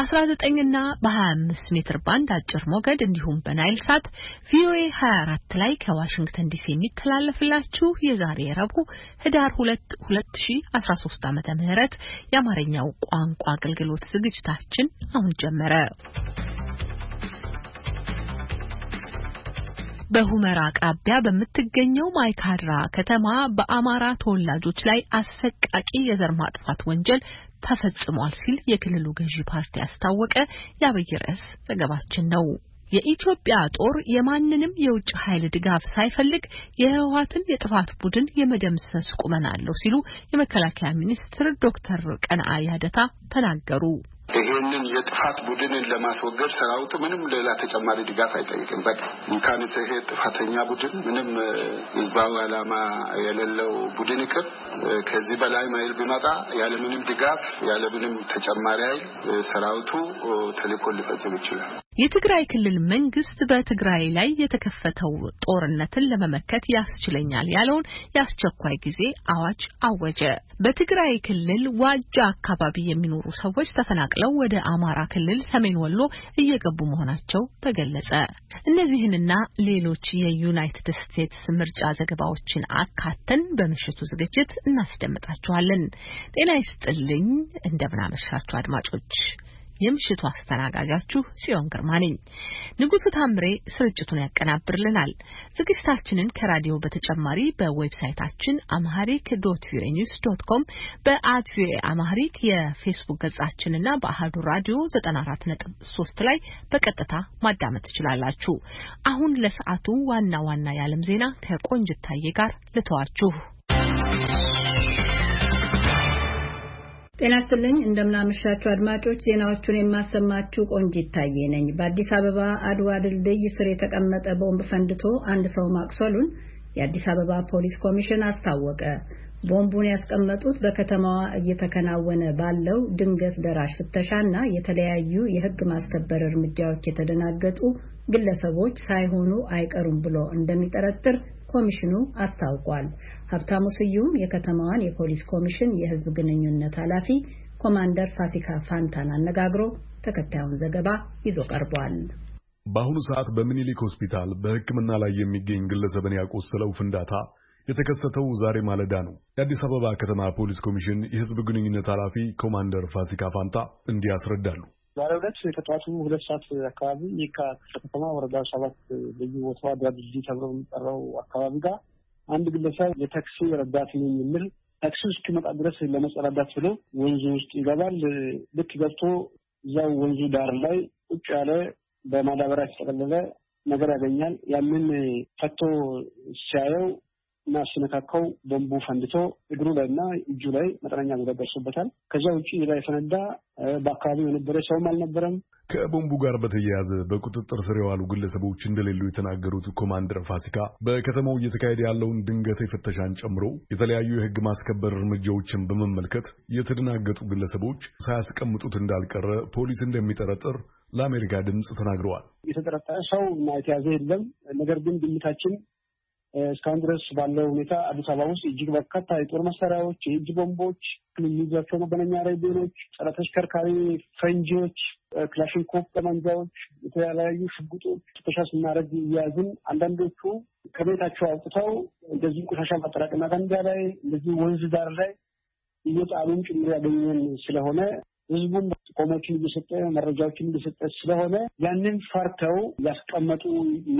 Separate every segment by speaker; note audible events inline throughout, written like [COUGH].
Speaker 1: በ19 ና በ25 ሜትር ባንድ አጭር ሞገድ እንዲሁም በናይል ሳት ቪኦኤ 24 ላይ ከዋሽንግተን ዲሲ የሚተላለፍላችሁ የዛሬ ረቡዕ ህዳር 2 2013 ዓመተ ምህረት የአማርኛው ቋንቋ አገልግሎት ዝግጅታችን አሁን ጀመረ። በሁመራ አቅራቢያ በምትገኘው ማይካድራ ከተማ በአማራ ተወላጆች ላይ አሰቃቂ የዘር ማጥፋት ወንጀል ተፈጽሟል ሲል የክልሉ ገዢ ፓርቲ አስታወቀ። የአብይ ርዕስ ዘገባችን ነው። የኢትዮጵያ ጦር የማንንም የውጭ ኃይል ድጋፍ ሳይፈልግ የህወሀትን የጥፋት ቡድን የመደምሰስ ቁመና አለው ሲሉ የመከላከያ ሚኒስትር ዶክተር ቀነዓ ያደታ ተናገሩ።
Speaker 2: ይሄንን የጥፋት ቡድንን ለማስወገድ ሰራዊቱ ምንም ሌላ ተጨማሪ ድጋፍ አይጠይቅም። በቃ እንኳንስ ይሄ ጥፋተኛ ቡድን ምንም ህዝባዊ ዓላማ የሌለው ቡድን ይቅር ከዚህ በላይ ማይል ቢመጣ ያለምንም ድጋፍ ያለምንም ተጨማሪ ኃይል ሰራዊቱ ተልእኮ ሊፈጽም ይችላል።
Speaker 3: የትግራይ
Speaker 1: ክልል መንግስት በትግራይ ላይ የተከፈተው ጦርነትን ለመመከት ያስችለኛል ያለውን የአስቸኳይ ጊዜ አዋጅ አወጀ። በትግራይ ክልል ዋጃ አካባቢ የሚኖሩ ሰዎች ተፈናቅለ ነቅለው ወደ አማራ ክልል ሰሜን ወሎ እየገቡ መሆናቸው ተገለጸ። እነዚህንና ሌሎች የዩናይትድ ስቴትስ ምርጫ ዘገባዎችን አካተን በምሽቱ ዝግጅት እናስደምጣችኋለን። ጤና ይስጥልኝ። እንደምናመሻችሁ አድማጮች የምሽቱ አስተናጋጃችሁ ጽዮን ግርማ ነኝ። ንጉሱ ታምሬ ስርጭቱን ያቀናብርልናል። ዝግጅታችንን ከራዲዮ በተጨማሪ በዌብሳይታችን አምሃሪክ ዶት ቪኦኤ ኒውስ ዶት ኮም በአት ቪኦኤ የፌስቡክ ገጻችንና በአህዱ ራዲዮ 94.3 ላይ በቀጥታ ማዳመጥ ትችላላችሁ። አሁን ለሰዓቱ ዋና ዋና የዓለም ዜና ከቆንጅታዬ ጋር
Speaker 4: ልተዋችሁ። ጤና ይስጥልኝ እንደምናመሻችሁ አድማጮች፣ ዜናዎቹን የማሰማችሁ ቆንጅ ይታየ ነኝ። በአዲስ አበባ አድዋ ድልድይ ስር የተቀመጠ ቦምብ ፈንድቶ አንድ ሰው ማቁሰሉን የአዲስ አበባ ፖሊስ ኮሚሽን አስታወቀ። ቦምቡን ያስቀመጡት በከተማዋ እየተከናወነ ባለው ድንገት ደራሽ ፍተሻና የተለያዩ የሕግ ማስከበር እርምጃዎች የተደናገጡ ግለሰቦች ሳይሆኑ አይቀሩም ብሎ እንደሚጠረጥር ኮሚሽኑ አስታውቋል። ሀብታሙ ስዩም የከተማዋን የፖሊስ ኮሚሽን የህዝብ ግንኙነት ኃላፊ ኮማንደር ፋሲካ ፋንታን አነጋግሮ ተከታዩን ዘገባ ይዞ ቀርቧል።
Speaker 5: በአሁኑ ሰዓት በሚኒሊክ ሆስፒታል በሕክምና ላይ የሚገኝ ግለሰብን ያቆሰለው ፍንዳታ የተከሰተው ዛሬ ማለዳ ነው። የአዲስ አበባ ከተማ ፖሊስ ኮሚሽን የህዝብ ግንኙነት ኃላፊ ኮማንደር ፋሲካ ፋንታ እንዲህ ያስረዳሉ።
Speaker 6: ዛሬ ሁለት ከጠዋቱ ሁለት ሰዓት አካባቢ ከተማ ወረዳ ሰባት ልዩ ቦታ ዳድልይ ተብሎ የሚጠራው አካባቢ ጋር አንድ ግለሰብ የታክሲ ረዳት ነኝ የሚል ታክሲ እስኪመጣ ድረስ ለመጸዳዳት ብሎ ወንዙ ውስጥ ይገባል። ልክ ገብቶ እዛው ወንዙ ዳር ላይ ቁጭ ያለ በማዳበሪያ የተጠቀለለ ነገር ያገኛል። ያንን ፈቶ ሲያየው እና ሲነካካው ቦምቡ ፈንድቶ እግሩ ላይ እና እጁ ላይ መጠነኛ ጉዳት ደርሶበታል። ከዚያ ውጭ ሌላ የፈነዳ በአካባቢው የነበረ ሰውም አልነበረም።
Speaker 5: ከቦምቡ ጋር በተያያዘ በቁጥጥር ስር የዋሉ ግለሰቦች እንደሌሉ የተናገሩት ኮማንደር ፋሲካ በከተማው እየተካሄደ ያለውን ድንገት ፍተሻን ጨምሮ የተለያዩ የሕግ ማስከበር እርምጃዎችን በመመልከት የተደናገጡ ግለሰቦች ሳያስቀምጡት እንዳልቀረ ፖሊስ እንደሚጠረጥር ለአሜሪካ ድምፅ ተናግረዋል።
Speaker 6: የተጠረጠረ ሰው እና የተያዘ የለም። ነገር ግን ግምታችን እስካሁን ድረስ ባለው ሁኔታ አዲስ አበባ ውስጥ እጅግ በርካታ የጦር መሳሪያዎች፣ የእጅ ቦምቦች፣ የሚይዟቸው መገናኛ ሬዲዮኖች፣ ጸረ ተሽከርካሪ ፈንጂዎች፣ ክላሽንኮቭ ጠመንጃዎች፣ የተለያዩ ሽጉጦች ፍተሻ ስናደርግ እያያዝን አንዳንዶቹ ከቤታቸው አውጥተው እንደዚህ ቆሻሻ ማጠራቀሚያ ገንዳ ላይ እንደዚህ ወንዝ ዳር ላይ እየጣሉን ጭምር ያገኘን ስለሆነ ህዝቡም ጥቆሞችን እየሰጠ መረጃዎችን እየሰጠ ስለሆነ ያንን ፈርተው ያስቀመጡ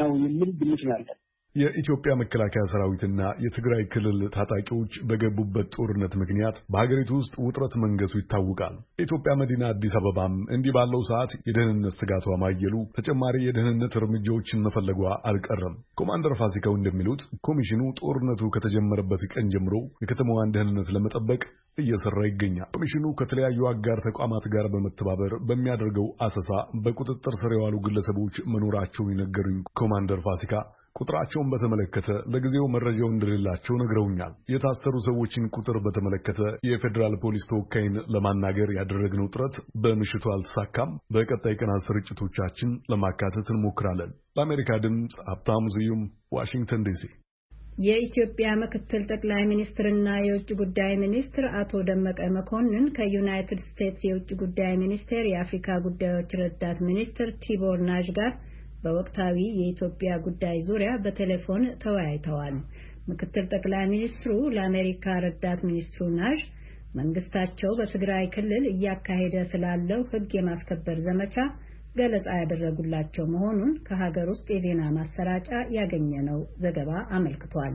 Speaker 6: ነው የሚል ግምት ነው ያለን።
Speaker 5: የኢትዮጵያ መከላከያ ሰራዊትና የትግራይ ክልል ታጣቂዎች በገቡበት ጦርነት ምክንያት በሀገሪቱ ውስጥ ውጥረት መንገሱ ይታወቃል። የኢትዮጵያ መዲና አዲስ አበባም እንዲህ ባለው ሰዓት የደህንነት ስጋቷ ማየሉ ተጨማሪ የደህንነት እርምጃዎችን መፈለጓ አልቀረም። ኮማንደር ፋሲካው እንደሚሉት ኮሚሽኑ ጦርነቱ ከተጀመረበት ቀን ጀምሮ የከተማዋን ደህንነት ለመጠበቅ እየሰራ ይገኛል። ኮሚሽኑ ከተለያዩ አጋር ተቋማት ጋር በመተባበር በሚያደርገው አሰሳ በቁጥጥር ስር የዋሉ ግለሰቦች መኖራቸውን የነገሩኝ ኮማንደር ፋሲካ ቁጥራቸውን በተመለከተ ለጊዜው መረጃው እንደሌላቸው ነግረውኛል። የታሰሩ ሰዎችን ቁጥር በተመለከተ የፌዴራል ፖሊስ ተወካይን ለማናገር ያደረግነው ጥረት በምሽቱ አልተሳካም። በቀጣይ ቀናት ስርጭቶቻችን ለማካተት እንሞክራለን። ለአሜሪካ ድምፅ ሀብታሙ ስዩም ዋሽንግተን ዲሲ።
Speaker 4: የኢትዮጵያ ምክትል ጠቅላይ ሚኒስትርና የውጭ ጉዳይ ሚኒስትር አቶ ደመቀ መኮንን ከዩናይትድ ስቴትስ የውጭ ጉዳይ ሚኒስቴር የአፍሪካ ጉዳዮች ረዳት ሚኒስትር ቲቦር ናዥ ጋር በወቅታዊ የኢትዮጵያ ጉዳይ ዙሪያ በቴሌፎን ተወያይተዋል። ምክትል ጠቅላይ ሚኒስትሩ ለአሜሪካ ረዳት ሚኒስትሩ ናዥ መንግስታቸው በትግራይ ክልል እያካሄደ ስላለው ሕግ የማስከበር ዘመቻ ገለጻ ያደረጉላቸው መሆኑን ከሀገር ውስጥ የዜና ማሰራጫ ያገኘነው ዘገባ አመልክቷል።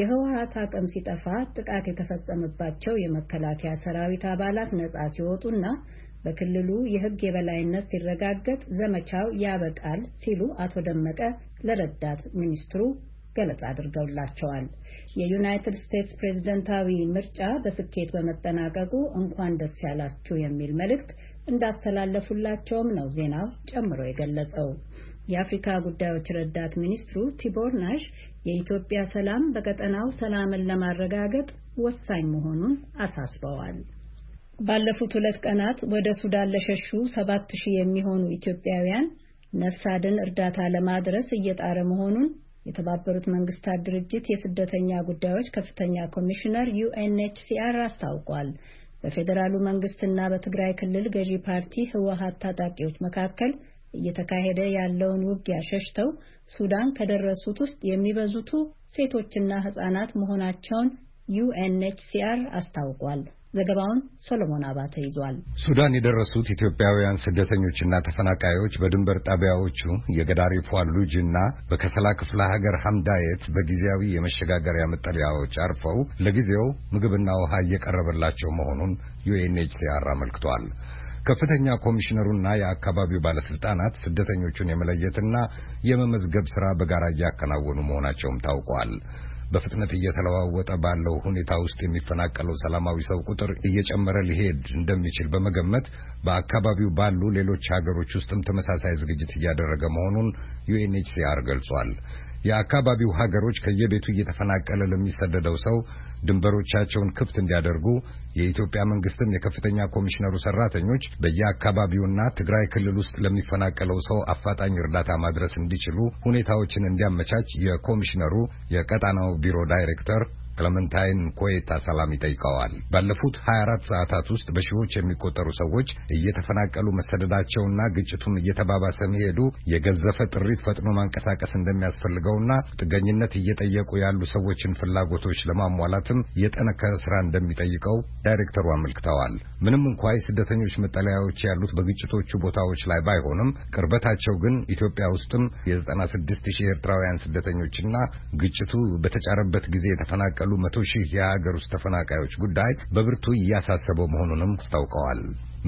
Speaker 4: የህወሀት አቅም ሲጠፋ ጥቃት የተፈጸመባቸው የመከላከያ ሰራዊት አባላት ነጻ ሲወጡና በክልሉ የሕግ የበላይነት ሲረጋገጥ ዘመቻው ያበቃል ሲሉ አቶ ደመቀ ለረዳት ሚኒስትሩ ገለጻ አድርገውላቸዋል። የዩናይትድ ስቴትስ ፕሬዝደንታዊ ምርጫ በስኬት በመጠናቀቁ እንኳን ደስ ያላችሁ የሚል መልእክት እንዳስተላለፉላቸውም ነው ዜናው ጨምሮ የገለጸው። የአፍሪካ ጉዳዮች ረዳት ሚኒስትሩ ቲቦር ናሽ የኢትዮጵያ ሰላም በቀጠናው ሰላምን ለማረጋገጥ ወሳኝ መሆኑን አሳስበዋል። ባለፉት ሁለት ቀናት ወደ ሱዳን ለሸሹ ሰባት ሺህ የሚሆኑ ኢትዮጵያውያን ነፍስ አድን እርዳታ ለማድረስ እየጣረ መሆኑን የተባበሩት መንግስታት ድርጅት የስደተኛ ጉዳዮች ከፍተኛ ኮሚሽነር ዩኤንኤችሲአር አስታውቋል። በፌዴራሉ መንግስትና በትግራይ ክልል ገዢ ፓርቲ ህወሀት ታጣቂዎች መካከል እየተካሄደ ያለውን ውጊያ ሸሽተው ሱዳን ከደረሱት ውስጥ የሚበዙቱ ሴቶችና ህጻናት መሆናቸውን ዩኤንኤችሲአር አስታውቋል። ዘገባውን ሰሎሞን አባተ ይዟል።
Speaker 7: ሱዳን የደረሱት ኢትዮጵያውያን ስደተኞችና ተፈናቃዮች በድንበር ጣቢያዎቹ የገዳሪፍ ዋሉጅ እና በከሰላ ክፍለ ሀገር ሐምዳየት በጊዜያዊ የመሸጋገሪያ መጠለያዎች አርፈው ለጊዜው ምግብና ውሃ እየቀረበላቸው መሆኑን ዩኤንኤችሲአር አመልክቷል። ከፍተኛ ኮሚሽነሩና የአካባቢው ባለስልጣናት ስደተኞቹን የመለየትና የመመዝገብ ስራ በጋራ እያከናወኑ መሆናቸውም ታውቋል። በፍጥነት እየተለዋወጠ ባለው ሁኔታ ውስጥ የሚፈናቀለው ሰላማዊ ሰው ቁጥር እየጨመረ ሊሄድ እንደሚችል በመገመት በአካባቢው ባሉ ሌሎች ሀገሮች ውስጥም ተመሳሳይ ዝግጅት እያደረገ መሆኑን ዩኤንኤችሲአር ገልጿል። የአካባቢው ሀገሮች ከየቤቱ እየተፈናቀለ ለሚሰደደው ሰው ድንበሮቻቸውን ክፍት እንዲያደርጉ የኢትዮጵያ መንግስትም የከፍተኛ ኮሚሽነሩ ሰራተኞች በየአካባቢውና ትግራይ ክልል ውስጥ ለሚፈናቀለው ሰው አፋጣኝ እርዳታ ማድረስ እንዲችሉ ሁኔታዎችን እንዲያመቻች የኮሚሽነሩ የቀጣናው ቢሮ ዳይሬክተር ክለመንታይን ኮየታ ሰላም ይጠይቀዋል። ባለፉት 24 ሰዓታት ውስጥ በሺዎች የሚቆጠሩ ሰዎች እየተፈናቀሉ መሰደዳቸውና ግጭቱም እየተባባሰ መሄዱ የገዘፈ ጥሪት ፈጥኖ ማንቀሳቀስ እንደሚያስፈልገውና ጥገኝነት እየጠየቁ ያሉ ሰዎችን ፍላጎቶች ለማሟላትም የጠነከረ ስራ እንደሚጠይቀው ዳይሬክተሩ አመልክተዋል። ምንም እንኳ የስደተኞች መጠለያዎች ያሉት በግጭቶቹ ቦታዎች ላይ ባይሆንም ቅርበታቸው ግን ኢትዮጵያ ውስጥም የ96 ሺህ ኤርትራውያን ስደተኞችና ግጭቱ በተጫረበት ጊዜ የተፈናቀሉ ያሉ መቶ ሺህ የሀገር ውስጥ ተፈናቃዮች ጉዳይ በብርቱ እያሳሰበው መሆኑንም አስታውቀዋል።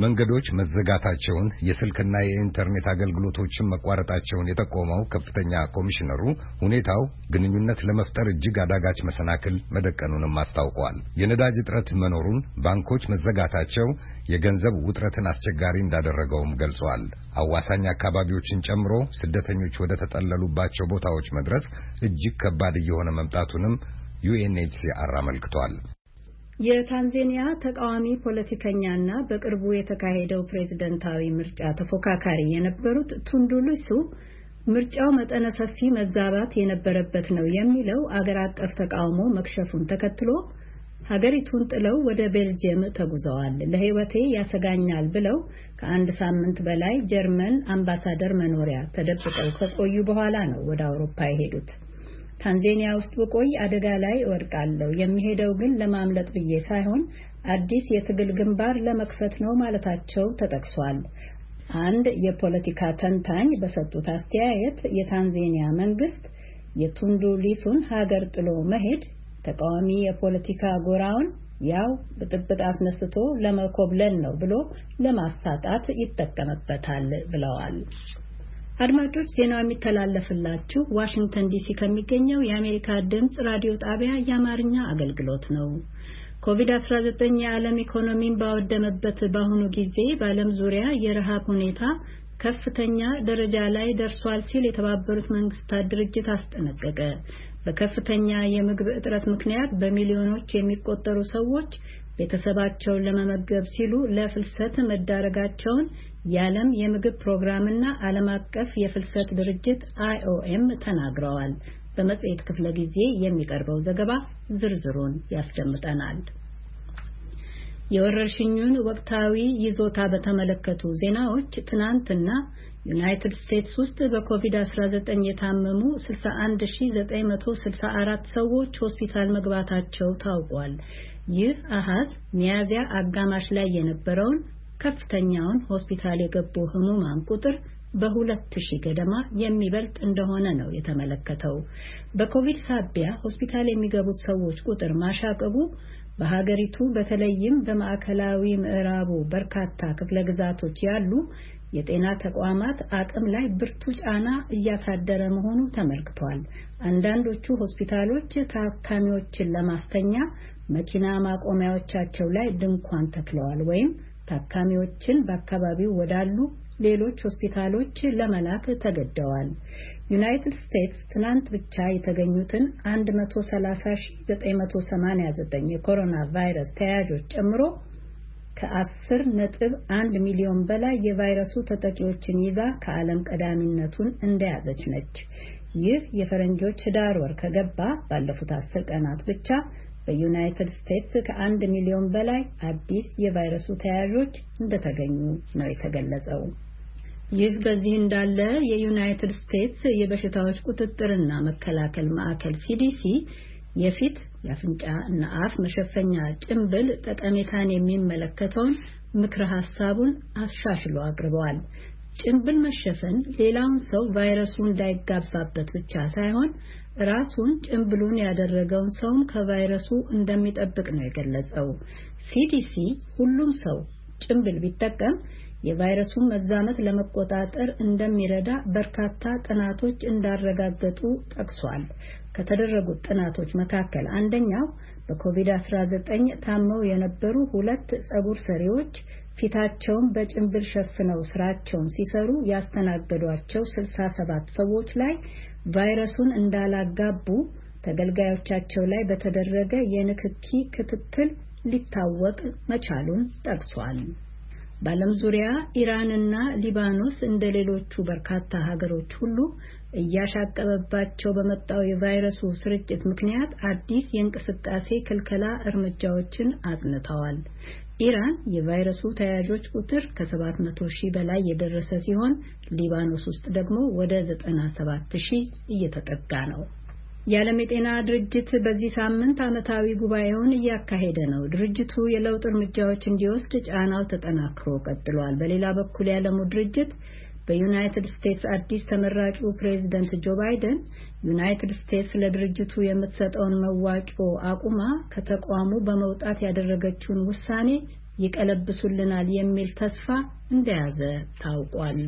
Speaker 7: መንገዶች መዘጋታቸውን የስልክና የኢንተርኔት አገልግሎቶችን መቋረጣቸውን የጠቆመው ከፍተኛ ኮሚሽነሩ ሁኔታው ግንኙነት ለመፍጠር እጅግ አዳጋች መሰናክል መደቀኑንም አስታውቀዋል። የነዳጅ እጥረት መኖሩን፣ ባንኮች መዘጋታቸው የገንዘብ ውጥረትን አስቸጋሪ እንዳደረገውም ገልጿል። አዋሳኝ አካባቢዎችን ጨምሮ ስደተኞች ወደ ተጠለሉባቸው ቦታዎች መድረስ እጅግ ከባድ እየሆነ መምጣቱንም ዩኤንኤችሲአር አመልክቷል።
Speaker 4: የታንዜኒያ ተቃዋሚ ፖለቲከኛና በቅርቡ የተካሄደው ፕሬዝደንታዊ ምርጫ ተፎካካሪ የነበሩት ቱንዱሊሱ ምርጫው መጠነ ሰፊ መዛባት የነበረበት ነው የሚለው አገር አቀፍ ተቃውሞ መክሸፉን ተከትሎ ሀገሪቱን ጥለው ወደ ቤልጅየም ተጉዘዋል። ለሕይወቴ ያሰጋኛል ብለው ከአንድ ሳምንት በላይ ጀርመን አምባሳደር መኖሪያ ተደብቀው ከቆዩ በኋላ ነው ወደ አውሮፓ የሄዱት። ታንዛኒያ ውስጥ ብቆይ አደጋ ላይ እወድቃለሁ። የሚሄደው ግን ለማምለጥ ብዬ ሳይሆን አዲስ የትግል ግንባር ለመክፈት ነው ማለታቸው ተጠቅሷል። አንድ የፖለቲካ ተንታኝ በሰጡት አስተያየት የታንዛኒያ መንግስት የቱንዱ ሊሱን ሀገር ጥሎ መሄድ ተቃዋሚ የፖለቲካ ጎራውን ያው ብጥብጥ አስነስቶ ለመኮብለል ነው ብሎ ለማሳጣት ይጠቀምበታል ብለዋል። አድማጮች ዜናው የሚተላለፍላችሁ ዋሽንግተን ዲሲ ከሚገኘው የአሜሪካ ድምፅ ራዲዮ ጣቢያ የአማርኛ አገልግሎት ነው። ኮቪድ-19 የዓለም ኢኮኖሚን ባወደመበት በአሁኑ ጊዜ በዓለም ዙሪያ የረሃብ ሁኔታ ከፍተኛ ደረጃ ላይ ደርሷል ሲል የተባበሩት መንግስታት ድርጅት አስጠነቀቀ። በከፍተኛ የምግብ እጥረት ምክንያት በሚሊዮኖች የሚቆጠሩ ሰዎች ቤተሰባቸውን ለመመገብ ሲሉ ለፍልሰት መዳረጋቸውን የዓለም የምግብ ፕሮግራምና ዓለም አቀፍ የፍልሰት ድርጅት አይኦኤም ተናግረዋል። በመጽሔት ክፍለ ጊዜ የሚቀርበው ዘገባ ዝርዝሩን ያስደምጠናል። የወረርሽኙን ወቅታዊ ይዞታ በተመለከቱ ዜናዎች ትናንትና ዩናይትድ ስቴትስ ውስጥ በኮቪድ-19 የታመሙ 61964 ሰዎች ሆስፒታል መግባታቸው ታውቋል። ይህ አሃዝ ሚያዚያ አጋማሽ ላይ የነበረውን ከፍተኛውን ሆስፒታል የገቡ ህሙማን ቁጥር በሁለት ሺህ ገደማ የሚበልጥ እንደሆነ ነው የተመለከተው። በኮቪድ ሳቢያ ሆስፒታል የሚገቡት ሰዎች ቁጥር ማሻቀቡ በሀገሪቱ በተለይም በማዕከላዊ ምዕራቡ በርካታ ክፍለ ግዛቶች ያሉ የጤና ተቋማት አቅም ላይ ብርቱ ጫና እያሳደረ መሆኑ ተመልክቷል። አንዳንዶቹ ሆስፒታሎች ታካሚዎችን ለማስተኛ መኪና ማቆሚያዎቻቸው ላይ ድንኳን ተክለዋል ወይም ታካሚዎችን በአካባቢው ወዳሉ ሌሎች ሆስፒታሎች ለመላክ ተገደዋል። ዩናይትድ ስቴትስ ትናንት ብቻ የተገኙትን 130989 የኮሮና ቫይረስ ተያያዦች ጨምሮ ከ10 ነጥብ 1 ሚሊዮን በላይ የቫይረሱ ተጠቂዎችን ይዛ ከዓለም ቀዳሚነቱን እንደያዘች ነች። ይህ የፈረንጆች ህዳር ወር ከገባ ባለፉት አስር ቀናት ብቻ በዩናይትድ ስቴትስ ከአንድ ሚሊዮን በላይ አዲስ የቫይረሱ ተያዦች እንደተገኙ ነው የተገለጸው። ይህ በዚህ እንዳለ የዩናይትድ ስቴትስ የበሽታዎች ቁጥጥርና መከላከል ማዕከል ሲዲሲ የፊት የአፍንጫ እና አፍ መሸፈኛ ጭንብል ጠቀሜታን የሚመለከተውን ምክረ ሀሳቡን አሻሽሎ አቅርበዋል። ጭንብል መሸፈን ሌላውን ሰው ቫይረሱ እንዳይጋባበት ብቻ ሳይሆን ራሱን ጭንብሉን ያደረገውን ሰው ከቫይረሱ እንደሚጠብቅ ነው የገለጸው። ሲዲሲ ሁሉም ሰው ጭንብል ቢጠቀም የቫይረሱን መዛመት ለመቆጣጠር እንደሚረዳ በርካታ ጥናቶች እንዳረጋገጡ ጠቅሷል። ከተደረጉት ጥናቶች መካከል አንደኛው በኮቪድ-19 ታመው የነበሩ ሁለት ጸጉር ሰሪዎች ፊታቸውን በጭንብል ሸፍነው ስራቸውን ሲሰሩ ያስተናገዷቸው 67 ሰዎች ላይ ቫይረሱን እንዳላጋቡ ተገልጋዮቻቸው ላይ በተደረገ የንክኪ ክትትል ሊታወቅ መቻሉን ጠቅሷል። በዓለም ዙሪያ ኢራንና ሊባኖስ እንደ ሌሎቹ በርካታ ሀገሮች ሁሉ እያሻቀበባቸው በመጣው የቫይረሱ ስርጭት ምክንያት አዲስ የእንቅስቃሴ ክልከላ እርምጃዎችን አጽንተዋል። ኢራን የቫይረሱ ተያያዦች ቁጥር ከ700 ሺህ በላይ የደረሰ ሲሆን ሊባኖስ ውስጥ ደግሞ ወደ 97 ሺህ እየተጠጋ ነው። የዓለም የጤና ድርጅት በዚህ ሳምንት ዓመታዊ ጉባኤውን እያካሄደ ነው። ድርጅቱ የለውጥ እርምጃዎች እንዲወስድ ጫናው ተጠናክሮ ቀጥሏል። በሌላ በኩል የዓለሙ ድርጅት በዩናይትድ ስቴትስ አዲስ ተመራጩ ፕሬዚደንት ጆ ባይደን ዩናይትድ ስቴትስ ለድርጅቱ የምትሰጠውን መዋጮ አቁማ ከተቋሙ በመውጣት ያደረገችውን ውሳኔ ይቀለብሱልናል የሚል ተስፋ እንደያዘ ታውቋል።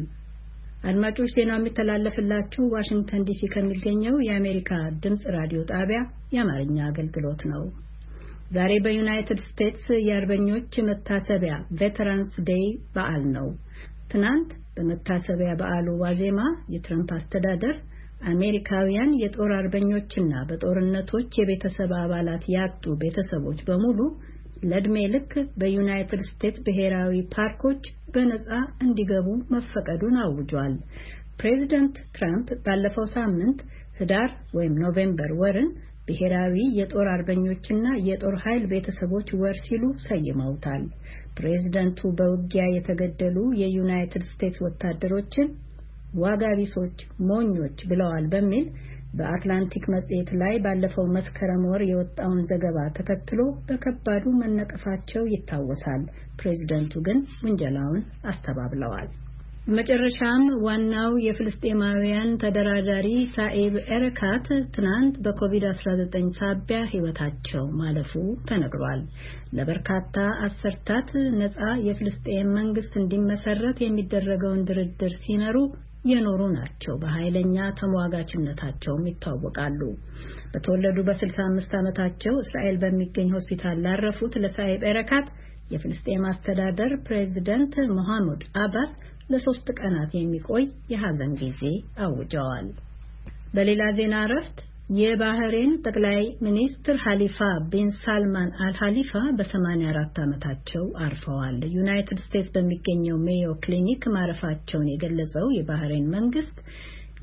Speaker 4: አድማጮች ዜናው የሚተላለፍላችሁ ዋሽንግተን ዲሲ ከሚገኘው የአሜሪካ ድምፅ ራዲዮ ጣቢያ የአማርኛ አገልግሎት ነው። ዛሬ በዩናይትድ ስቴትስ የአርበኞች መታሰቢያ ቬተራንስ ዴይ በዓል ነው። ትናንት በመታሰቢያ በዓሉ ዋዜማ የትረምፕ አስተዳደር አሜሪካውያን የጦር አርበኞችና በጦርነቶች የቤተሰብ አባላት ያጡ ቤተሰቦች በሙሉ ለዕድሜ ልክ በዩናይትድ ስቴትስ ብሔራዊ ፓርኮች በነጻ እንዲገቡ መፈቀዱን አውጇል። ፕሬዚደንት ትራምፕ ባለፈው ሳምንት ህዳር ወይም ኖቬምበር ወርን ብሔራዊ የጦር አርበኞችና የጦር ኃይል ቤተሰቦች ወር ሲሉ ሰይመውታል። ፕሬዝደንቱ በውጊያ የተገደሉ የዩናይትድ ስቴትስ ወታደሮችን ዋጋ ቢሶች፣ ሞኞች ብለዋል በሚል በአትላንቲክ መጽሔት ላይ ባለፈው መስከረም ወር የወጣውን ዘገባ ተከትሎ በከባዱ መነቀፋቸው ይታወሳል። ፕሬዝደንቱ ግን ውንጀላውን አስተባብለዋል። መጨረሻም ዋናው የፍልስጤማውያን ተደራዳሪ ሳኤብ ኤረካት ትናንት በኮቪድ-19 ሳቢያ ሕይወታቸው ማለፉ ተነግሯል። ለበርካታ አሰርታት ነጻ የፍልስጤም መንግስት እንዲመሰረት የሚደረገውን ድርድር ሲመሩ የኖሩ ናቸው። በኃይለኛ ተሟጋችነታቸውም ይታወቃሉ። በተወለዱ በ65 ዓመታቸው እስራኤል በሚገኝ ሆስፒታል ላረፉት ለሳኤብ ኤረካት የፍልስጤም አስተዳደር ፕሬዚደንት መሐሙድ አባስ ለሶስት ቀናት የሚቆይ የሐዘን ጊዜ አውጀዋል። በሌላ ዜና እረፍት የባህሬን ጠቅላይ ሚኒስትር ሀሊፋ ቢን ሳልማን አልሀሊፋ በ84 ዓመታቸው አርፈዋል። ዩናይትድ ስቴትስ በሚገኘው ሜዮ ክሊኒክ ማረፋቸውን የገለጸው የባህሬን መንግስት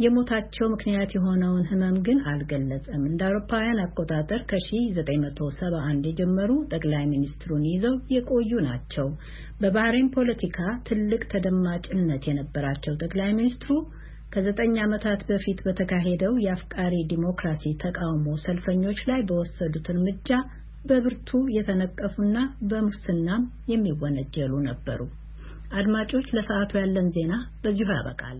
Speaker 4: የሞታቸው ምክንያት የሆነውን ህመም ግን አልገለጸም። እንደ አውሮፓውያን አቆጣጠር ከ1971 የጀመሩ ጠቅላይ ሚኒስትሩን ይዘው የቆዩ ናቸው። በባህሬን ፖለቲካ ትልቅ ተደማጭነት የነበራቸው ጠቅላይ ሚኒስትሩ ከዘጠኝ ዓመታት በፊት በተካሄደው የአፍቃሪ ዲሞክራሲ ተቃውሞ ሰልፈኞች ላይ በወሰዱት እርምጃ በብርቱ የተነቀፉና በሙስናም የሚወነጀሉ ነበሩ። አድማጮች፣ ለሰዓቱ ያለን ዜና በዚሁ ያበቃል።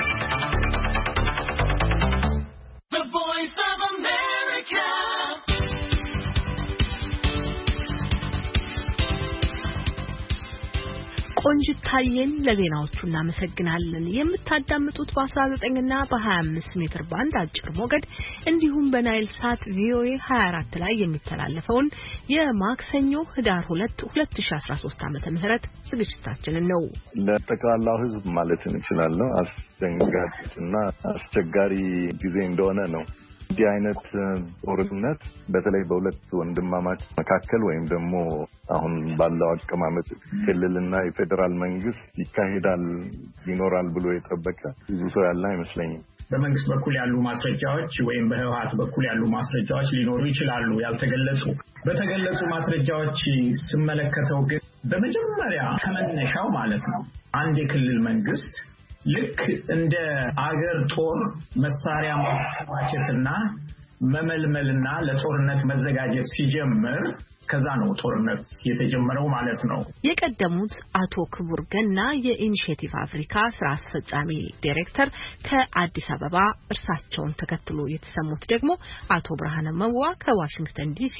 Speaker 1: ቆንጅታየን ለዜናዎቹ እናመሰግናለን። የምታዳምጡት በ19 እና በ25 ሜትር ባንድ አጭር ሞገድ እንዲሁም በናይል ሳት ቪኦኤ 24 ላይ የሚተላለፈውን የማክሰኞ ህዳር 2 2013 ዓ.ም ዝግጅታችንን ነው።
Speaker 8: ለጠቅላላው ህዝብ ማለት እንችላለን አስደንጋጭና አስቸጋሪ ጊዜ እንደሆነ ነው እንዲህ አይነት ጦርነት በተለይ በሁለት ወንድማማች መካከል ወይም ደግሞ አሁን ባለው አቀማመጥ ክልልና የፌዴራል መንግስት ይካሄዳል ይኖራል ብሎ የጠበቀ ብዙ ሰው ያለ አይመስለኝም።
Speaker 9: በመንግስት በኩል ያሉ ማስረጃዎች ወይም በህወሀት በኩል ያሉ ማስረጃዎች ሊኖሩ ይችላሉ፣ ያልተገለጹ። በተገለጹ ማስረጃዎች ስመለከተው ግን በመጀመሪያ ከመነሻው ማለት ነው አንድ የክልል መንግስት ልክ እንደ አገር ጦር መሳሪያ ማከማቸትና መመልመልና ለጦርነት መዘጋጀት ሲጀምር ከዛ ነው ጦርነት የተጀመረው ማለት ነው።
Speaker 1: የቀደሙት አቶ ክቡር ገና የኢኒሽቲቭ አፍሪካ ስራ አስፈጻሚ ዲሬክተር ከአዲስ አበባ፣ እርሳቸውን ተከትሎ የተሰሙት ደግሞ አቶ ብርሃነ መዋ ከዋሽንግተን ዲሲ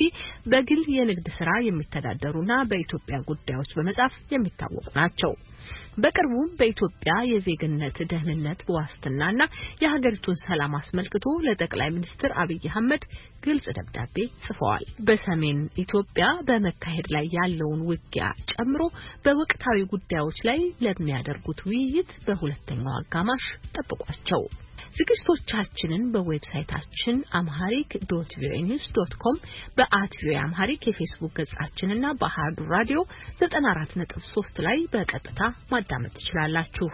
Speaker 1: በግል የንግድ ስራ የሚተዳደሩና በኢትዮጵያ ጉዳዮች በመጻፍ የሚታወቁ ናቸው። በቅርቡም በኢትዮጵያ የዜግነት ደህንነት ዋስትናና የሀገሪቱን ሰላም አስመልክቶ ለጠቅላይ ሚኒስትር አብይ አህመድ ግልጽ ደብዳቤ ጽፈዋል። በሰሜን ኢትዮጵያ በመካሄድ ላይ ያለውን ውጊያ ጨምሮ በወቅታዊ ጉዳዮች ላይ ለሚያደርጉት ውይይት በሁለተኛው አጋማሽ ጠብቋቸው። ዝግጅቶቻችንን በዌብሳይታችን አምሃሪክ ዶት ቪኦኤ ኒውስ ዶት ኮም በአት ቪኦኤ አምሃሪክ የፌስቡክ ገጻችንና በአሃዱ ራዲዮ 94.3 ላይ በቀጥታ ማዳመጥ ትችላላችሁ።